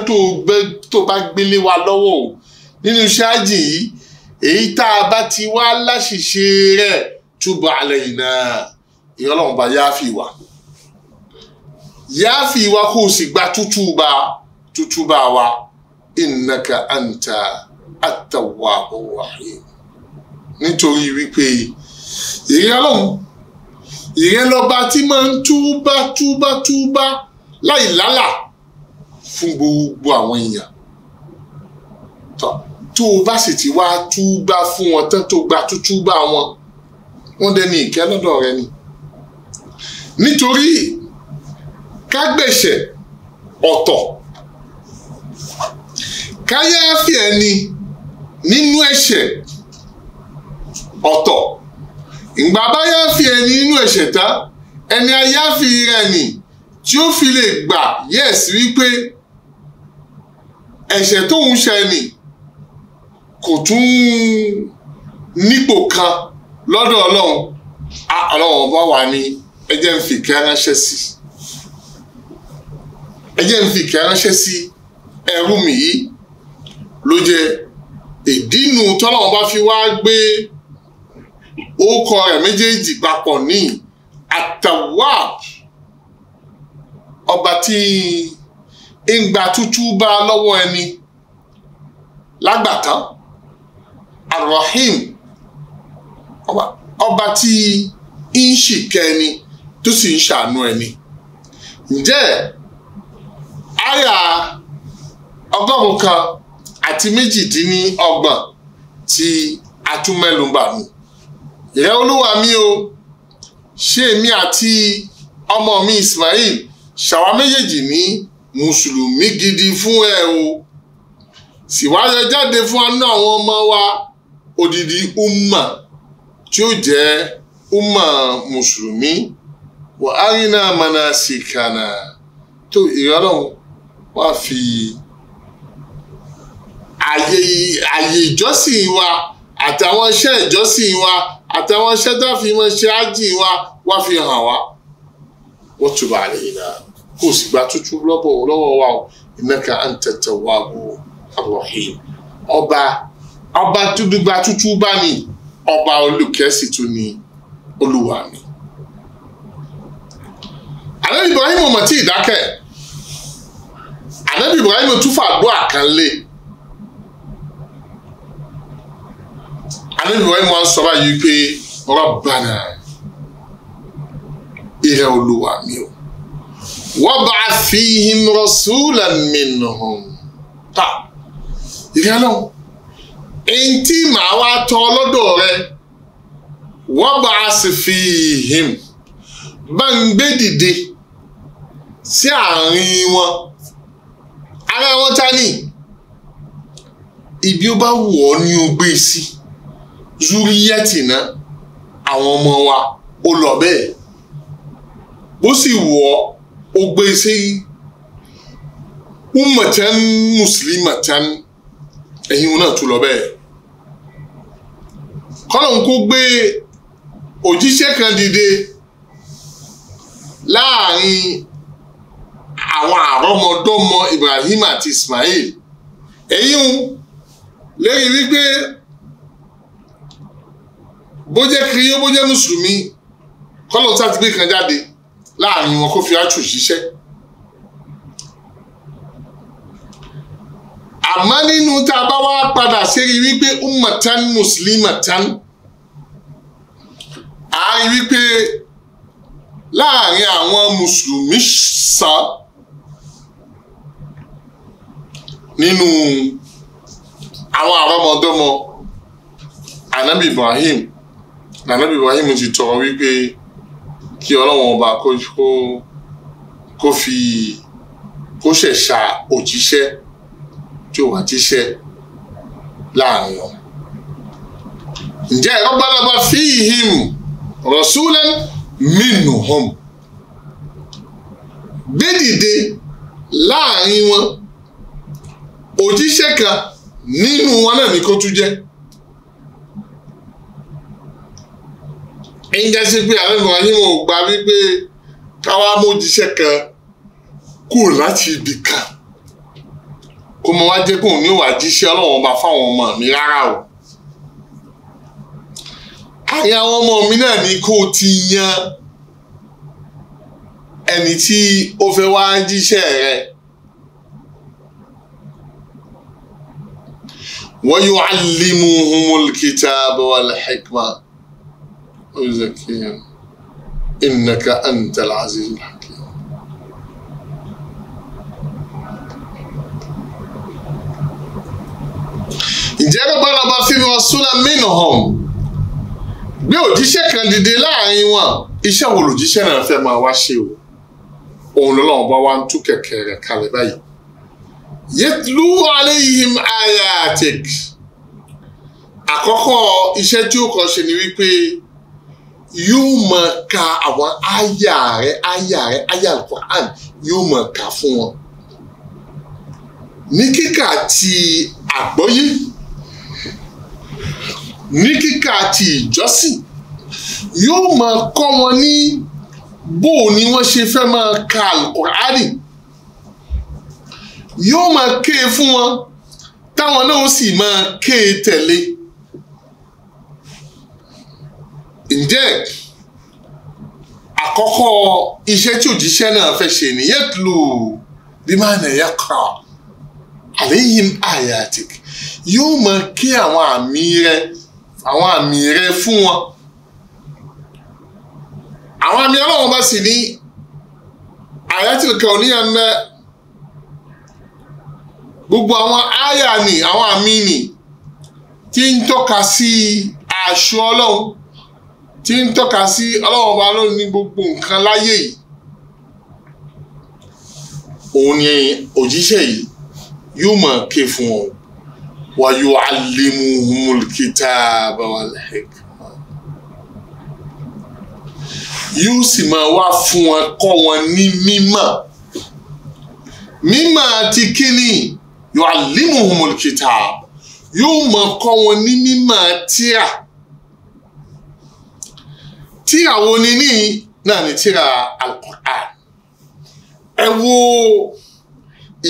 Speaker 2: tó bá gbélé wa lọ́wọ́ o nínú iṣẹ́ àjì yìí èyí tá a bá ti wá láṣìṣe rẹ̀ túbọ̀ alẹ́ yìí náà èrè bá yáa fi wà yáa fi wà kó o sì gba tútù bá tútù bá wa ìnàkà àǹtà àtàwà ọ̀wà nítorí wípé èrè ìyẹn lọba tí máa ń túbá túbá túbá láì lálà fún gbogbo àwọn èèyàn tó o bá sì ti wá túbá fún wọn tán tó gba tútúbá wọn wọn dẹni ìkẹ́ lọ́dọ̀ rẹ ni nítorí kágbẹ̀ṣẹ̀ ọ̀tọ̀ káyáfì ẹni nínú ẹ̀ṣẹ̀ ọ̀tọ̀ ìgbà bá yá fi ẹni inú ẹ̀ṣẹ̀ tán ẹni ayá fi rẹ̀ nì tí ó fi lè gbà yẹ̀sí wípé ẹ̀ṣẹ̀ tóun ṣẹ̀ nì kò tún nípò kan lọ́dọ̀ ọlọ́run ọlọ́run ọba wà ní ẹjẹ́ ń fi ìkẹ́ ránṣẹ́ sí ẹjẹ́ ń fi ìkẹ́ ránṣẹ́ sí ẹrú mi yìí ló jẹ ìdínú tọ́lọ́run bá fi wá gbé. orúkọ rẹ̀ méjèèjì papọ̀ ní atawab ọba tí ń gba tútú bá lọ́wọ́ ẹni lágbàtán arahim ọba tí ń ṣìkẹ́ ẹni tó sì ń ṣàánú ẹni ǹjẹ́ àyà ọgọ́rùn-ún kan àti ọgbọ̀n tí atúmẹ́lùmbà nù ìrẹ́ olúwa mi o ṣe èmi àti ọmọ mi Ismail ṣàwa méjèèjì ní mùsùlùmí gidi fún ẹ o sì jáde fún wa àwọn ọmọ wa odidi umma tí ó jẹ umma mùsùlùmí wà á rí náà mana sí kànà tó ìrọ̀lọ́hún wá fi àyè ìjọsìn wa àtàwọn iṣẹ́ ìjọsìn wa àtàwọn iṣẹ́ tá a fi mọ ṣe ájì wa wá fi hàn wá wọ́n tún bá lè yìnà kó sì gba tútù lọ́bọ̀ lọ́wọ́ wa o innaka anta tawwabu ar-rahim ọba ọba tó gbígba tútù bá mi ọba olùkẹ́sì tún ni olúwa mi. àlẹ́ Ibrahim mọ̀ tí ìdákẹ́ àlẹ́ Ibrahim tún fàdúrà kan lé. ànábì wa máa ń sọ báyìí pé Rabbana ìrẹ́ olúwa mi o wab'ath fihim rasulan minhum ta ìrẹ́ náà èyí tí màá wá tọ́ lọ́dọ̀ rẹ wab'ath fihim bá ń gbé dìde sí àárín wọn ara wọn ta ni ibi ó bá wù ní o Si zuriyẹ́tì náà àwọn ọmọ wa ó lọ bẹ́ẹ̀ bó sì wọ̀ ọ́ ó gbé sí ummatan muslimatan ẹ̀yin náà tún lọ bẹ́ẹ̀ kọ́lọ́n kó gbé òjíṣẹ́ kan dìde láàrin àwọn àrọ́mọdọ́mọ Ibrahim àti Ismail ẹ̀yin lérí wípé bó jẹ́ kiriyó bó jẹ́ mùsùlùmí kọ́lọ̀ tí a ti gbé kan jáde láàrin wọn kó fi àtù ṣiṣẹ́. àmọ́ nínú tá a bá wá padà sérí wípé ummatan muslimatan a rí wípé láàrin àwọn mùsùlùmí sàn nínú àwọn àrọ́mọdọ́mọ anabi Ibrahim nànábì Ibrahim ti tọrọ wípé kí ọlọ́wọ́n ọba kó fi kó ṣẹ̀ṣà òjíṣẹ́ tí ó wà tíṣẹ́ láàrin wọn. ǹjẹ́ ẹ̀rọ gbàdàgbà fíhìm rọ̀ṣúlẹ̀ mínú hàn gbé dìde láàrin wọn òjíṣẹ́ kan nínú wọn náà ni kó tún jẹ́ ń jẹ́ sí pé àwọn ìmọ̀ yìí wọn ò gba wípé káwá mójíṣẹ́ kan kúrò láti ibì kan kó mo wá jẹ́ kóun ní ìwà jíṣẹ́ ọlọ́run ọba fáwọn ọmọ mi rárá o àyà àwọn ọmọ mi náà ni kó ti yan ẹni tí ó fẹ́ wá jíṣẹ́ rẹ̀. wa yu'allimuhumul kitaba wal hikma. ويزكيهم إنك أنت العزيز الحكيم إن bàbá bàbá في رسول منهم، mìíràn hàn gbé òjíṣẹ́ kan dìde láàrin wọn iṣẹ́ wo lòjíṣẹ́ náà fẹ́ máa wá ṣe o òun lọ́lọ́run bá wá ń tú kẹ̀kẹ́ rẹ̀ kalẹ̀ báyìí yẹtulú aléyìn ayatik àkọ́kọ́ iṣẹ́ tí ó kọ́ ṣe ni wípé yóò máa ka àwọn àyà rẹ àyà rẹ àyà alukur'an yóò máa ka fún wọn ní kíkà ti àgbọ́yé ní kíkà ti ìjọsìn yóò máa kọ́ wọn ní bó ni wọ́n ṣe fẹ́ máa ka alukur'ani yóò máa ké e fún wọn táwọn náà sì máa ké e tẹ̀lé. ǹjẹ́ àkọ́kọ́ iṣẹ́ tí òjíṣẹ́ náà fẹ́ ṣe nìyẹn lò bí máa nà ẹ̀yà kan àléyìn àyàtìk yóò máa kí àwọn àmì rẹ àwọn àmì rẹ fún wọn àwọn àmì ọlọ́run bá sì ní àyàtìk kan oníyàn náà gbogbo àwọn àyà ni àwọn àmì ni tí ń tọ́ka sí aṣọ ọlọ́run tí ń tọ́ka sí ọlọ́run ọba ló ní gbogbo nǹkan láyé yìí òun ni òjíṣẹ́ yìí yóò máa ké fún ọ wa yu'allimuhumul kitaba wal yóò sì máa wá fún wọn kọ́ wọn ní mímọ̀ mímọ̀ ti kíni yu'allimuhumul kitaba yóò máa kọ́ wọn ní mímọ̀ tíà tíra wo ni ní náà ni tíra Al-Qur'an ẹ wo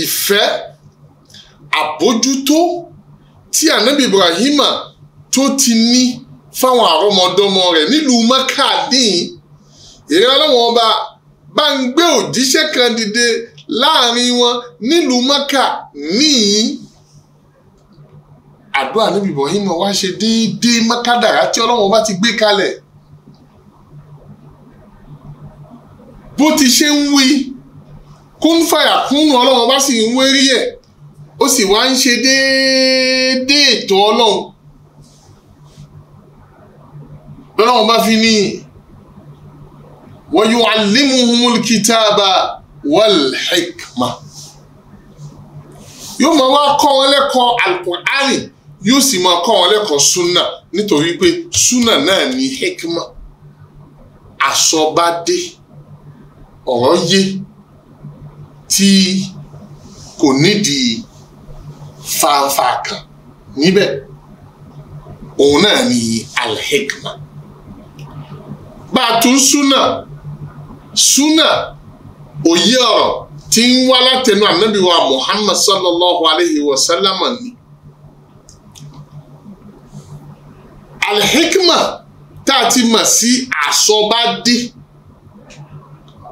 Speaker 2: ìfẹ́ àbójútó tí anabi Ibrahima tó ti ní fáwọn àrọ́mọdọ́mọ rẹ̀ nílùú Mẹ́kà dín èrè ọlọ́wọ́n ọba bá ń gbé òjíṣẹ́ kan dìde láàrin wọn nílùú Mẹ́kà níyìn àdúrà níbi Ibrahima wá ṣe déédéé mọ́kádàrá tí ọlọ́wọ́n bá ti gbé kalẹ̀ bó ti ṣe ń wí kún fàyà kún ọlọ́run bá sì ń wérí ẹ̀ ó sì wá ń ṣe déédéé ètò ọlọ́run lọ́lọ́run bá fi ní wa yu'allimuhumul kitaba wal hikma yóò máa wá kọ́ wọn lẹ́kọ̀ọ́ alukur'ani yóò sì máa kọ́ wọn lẹ́kọ̀ọ́ sunna nítorí pé sunna náà ní hikma àsọ̀bádé. So ọ̀rọ̀ yé tí kò nídìí fanfa kan níbẹ̀ òun náà ni alhikma bá a tún súnà súnà òye ọ̀rọ̀ tí ń wá látẹnu ànábì wa sallallahu alayhi wa sallam ni alhikma tá a ti mọ̀ sí àsọ̀bádé. Si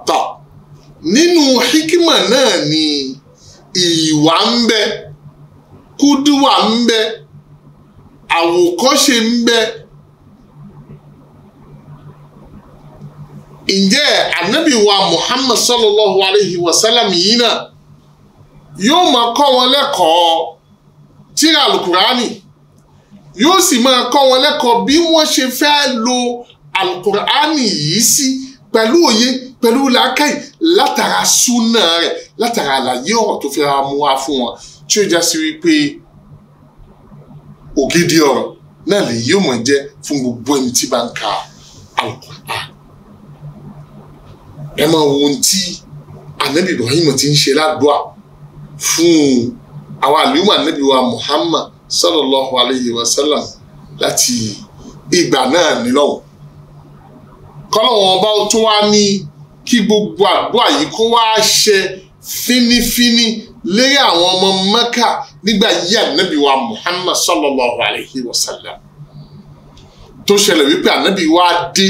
Speaker 2: tọ̀ nínú hikima náà ni ìwà ń bẹ kúdùwà ń bẹ àwòkọ́ṣe ń bẹ. ǹjẹ́ ànábì wa Muhammad sallallahu alayhi wa sallam yìí náà yóò máa kọ́ wọn lẹ́kọ̀ọ́ tírà alukurani yóò sì máa kọ́ wọn lẹ́kọ̀ọ́ bí wọ́n ṣe fẹ́ lo alukurani yìí sí pẹ̀lú òye pẹ̀lú làákàyè látara súnà rẹ̀ látara àlàyé ọ̀rọ̀ tó fi ra mu wá fún wọn tí ó já sí wípé ògidì ọ̀rọ̀ náà lè yóò mọ̀ jẹ́ fún gbogbo ẹni tí bá ń ka al ẹ máa wo ohun tí anabi Ibrahim ti ń ṣe ládùúà fún àwọn àlùmọ̀ anabi wa Muhammad sallallahu alayhi wa sallam láti ìgbà náà nílọ́wọ́ kọ́lọ́wọ́n ọba tó wá ní kí gbogbo àdúrà yìí kó wá ṣe fínífíní lérí àwọn ọmọ mẹ́kà nígbà yíyá ànábì wa muhammad sallallahu alayhi wa sallam tó ṣẹlẹ̀ wípé ànábì wa dé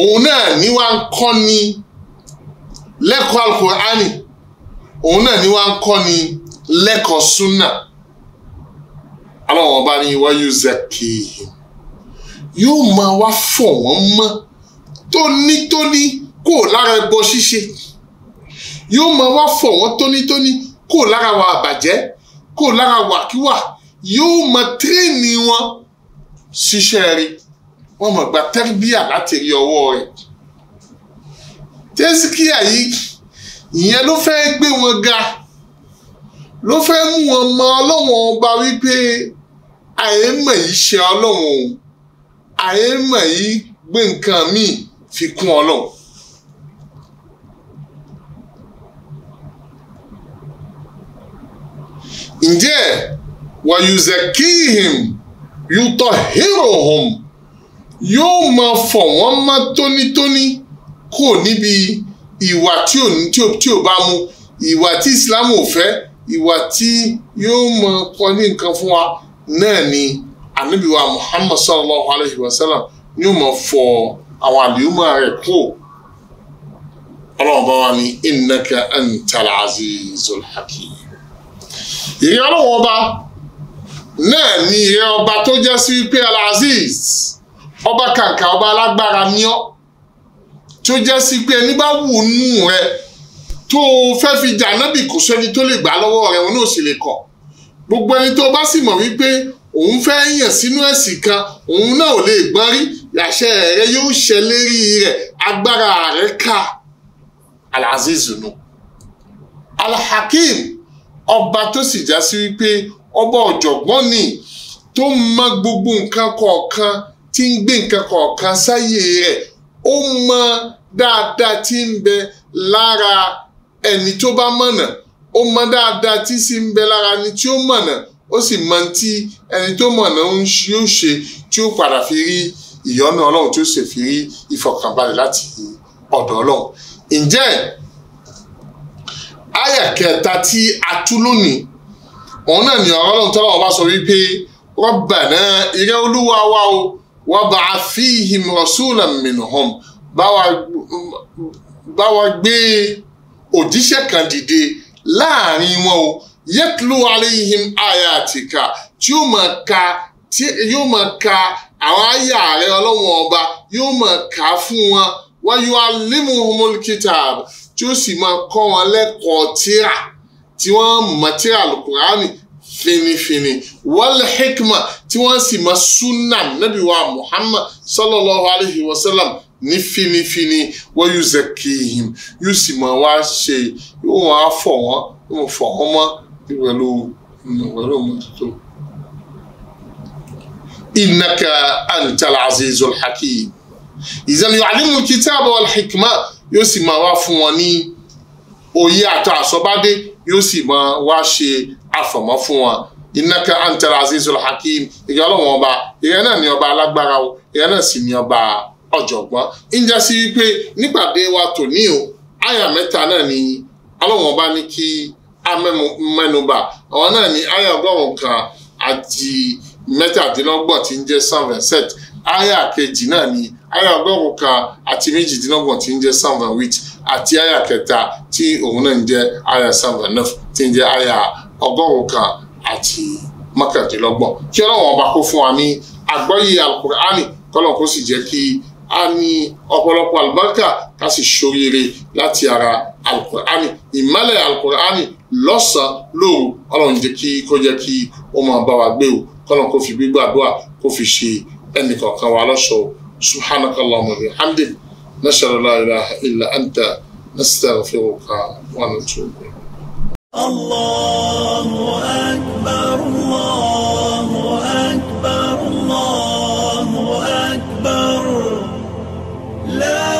Speaker 2: òun náà ni wá ń kọ́ ni lẹ́kọ̀ọ́ alukur'ani òun náà ni wá ń kọ́ ni lẹ́kọ̀ọ́ sunna aláwọ̀ ọba ni wáyú zakihim yóò máa wá fọ̀ wọ́n mọ́ tónítóní kò lára ẹbọ ṣíṣe yóò máa wá fọ̀ wọ́n tónítóní kò lára wa àbàjẹ́ kò lára wàkíwà yóò máa tírèèni wọn ṣiṣẹ́ rí wọ́n máa gba tẹ́rìbíà láti rí ọwọ́ rẹ̀ tẹ́síkíà yìí ìyẹn ló fẹ́ gbé wọn ga ló fẹ́ mú wọn mọ ọlọ́wọ́n ọba wípé àìmọ̀ yìí ṣe ọlọ́wọ́n òun àyèmọ̀ yìí gbé nǹkan míì fi kún ọlọ́run. ǹjẹ́ wàyùzẹ̀kíhìm yùtọ̀ híròhùn yóò máa fọ̀ wọ́n mọ́ tónítóní kò níbi ìwà tí ò tí ò tí ò bá mu ìwà tí Islam ò fẹ́ ìwà tí yóò máa kọ́ ní nǹkan fún wa náà ni anabi wa muhammad sallallahu alayhi wa sallam ni ó mọ̀ fọ àwọn àlùmọ́ rẹ̀ kú ọlọ́run bá wà ní innaka antal azizul hakim ìrẹ́ ọlọ́run ọba náà ni ìrẹ́ ọba tó jẹ́ sí pé alaziz ọba kàǹkà ọba alágbára ni tó jẹ́ sí pé ẹni bá wù nù rẹ tó fẹ́ fi jà nábì kò sẹ́ni tó lè gbà lọ́wọ́ rẹ wọn náà sì lè kọ̀ gbogbo ẹni tó bá sì mọ̀ wípé òun fẹ́ yàn sínú ẹ̀sìn kan òun náà ò lè gbọ́n rí àṣẹ rẹ yóò ṣẹ lérí rẹ agbára rẹ ká alazizu alhakim ọba tó sì já sí wípé ọba ọ̀jọ̀gbọ́n ni tó mọ gbogbo nǹkan kọ̀ọ̀kan tí ń gbé nǹkan kọ̀ọ̀kan sáyé rẹ̀ ó mọ dáadáa tí ń bẹ lára ẹni tó bá mọ̀nà ó mọ dáadáa tí sì ń bẹ lára ẹni tí ó mọ̀nà ó sì mọ tí ẹni tó mọ̀nà yóò ṣe tí ó padà fi rí ìyọ́nú ọlọ́run tí ó sì fi rí ìfọkànbalẹ̀ láti ọ̀dọ̀ ọlọ́run ǹjẹ́ àyà kẹta tí a tú lónìí òun náà ni ọ̀rọ̀ ọlọ́run tọ́lọ́run bá sọ wípé Rabbana ìrẹ́ olúwa wa o wab'ath fihim rasulan minhum bá wa gbé òjíṣẹ́ kan dìde láàrin wọn o yẹtulu alihim ayatika tí yóò máa ka tí yóò máa ka àwọn àyà rẹ ọlọ́wọ́n ọba yóò máa kà á fún wọn wọ́n yóò alimuhumul kitab tí ó sì máa kọ́ wọn lẹ́kọ̀ọ́ tíra tí wọ́n mọ̀ tíra alukurani finifini wal hikma tí wọ́n sì mọ̀ sunnam nabi wa muhammad sallallahu alayhi wa sallam ní finifini wọ́n yóò zakihim yóò sì máa wá ṣe yóò máa fọ̀ wọ́n yóò fọ̀ wọ́n mọ́ pẹ̀lú pẹ̀lú mọ́tò. innaka antal azizul hakim ìzẹ́lẹ̀ yóò alimu kitaba wal hikma yóò sì máa wá fún wọn ní òye àti àsọ̀bádé yóò sì máa wá ṣe àfọ̀mọ́ fún wọn innaka antal azizul hakim ìgbà ọlọ́wọ́n ọba ìyẹn náà ni ọba alágbára o ìyẹn náà sì ni ọba ọ̀jọ̀gbọ́n ń jásí wípé nípàdé wa tòní o àyà mẹ́ta náà ni ọlọ́wọ́n ọba ní kí amẹ́nubà àwọn náà ni aya ọgọ́rùn-ún kan àti mẹ́tàdínlọ́gbọ̀n tí ń jẹ́ psalm verset aya kejì náà ni aya ọgọ́rùn-ún kan àti méjìdínlọ́gbọ̀n tí ń jẹ́ psalm verwit àti aya kẹta tí òun náà ń jẹ́ aya psalm vernef tí ń jẹ́ aya ọgọ́rùn-ún kan àti mọ́kàndínlọ́gbọ̀n kí ọlọ́run ọba kó fún wa ní àgbọ́yé alukur'ani kọ́lọ́n kó sì jẹ́ kí a ní ọ̀pọ̀lọpọ̀ àlùbáríkà ká sì ṣoríire láti ara alukur'ani ìmọ́lẹ̀ alukur'ani lọ́sàn-án lóru ọlọ́run jẹ́ kí kó jẹ́ kí ó máa bá wa gbé o kọ́nà kó fi gbígbàdúrà kó fi ṣe ẹnìkọ̀ọ̀kan wa lọ́ṣọ̀ọ́ subhanakallahumma wa bihamdik nashhadu la ilaha illa anta nastaghfiruka wa natubu
Speaker 1: ilayk الله أكبر الله أكبر الله أكبر لا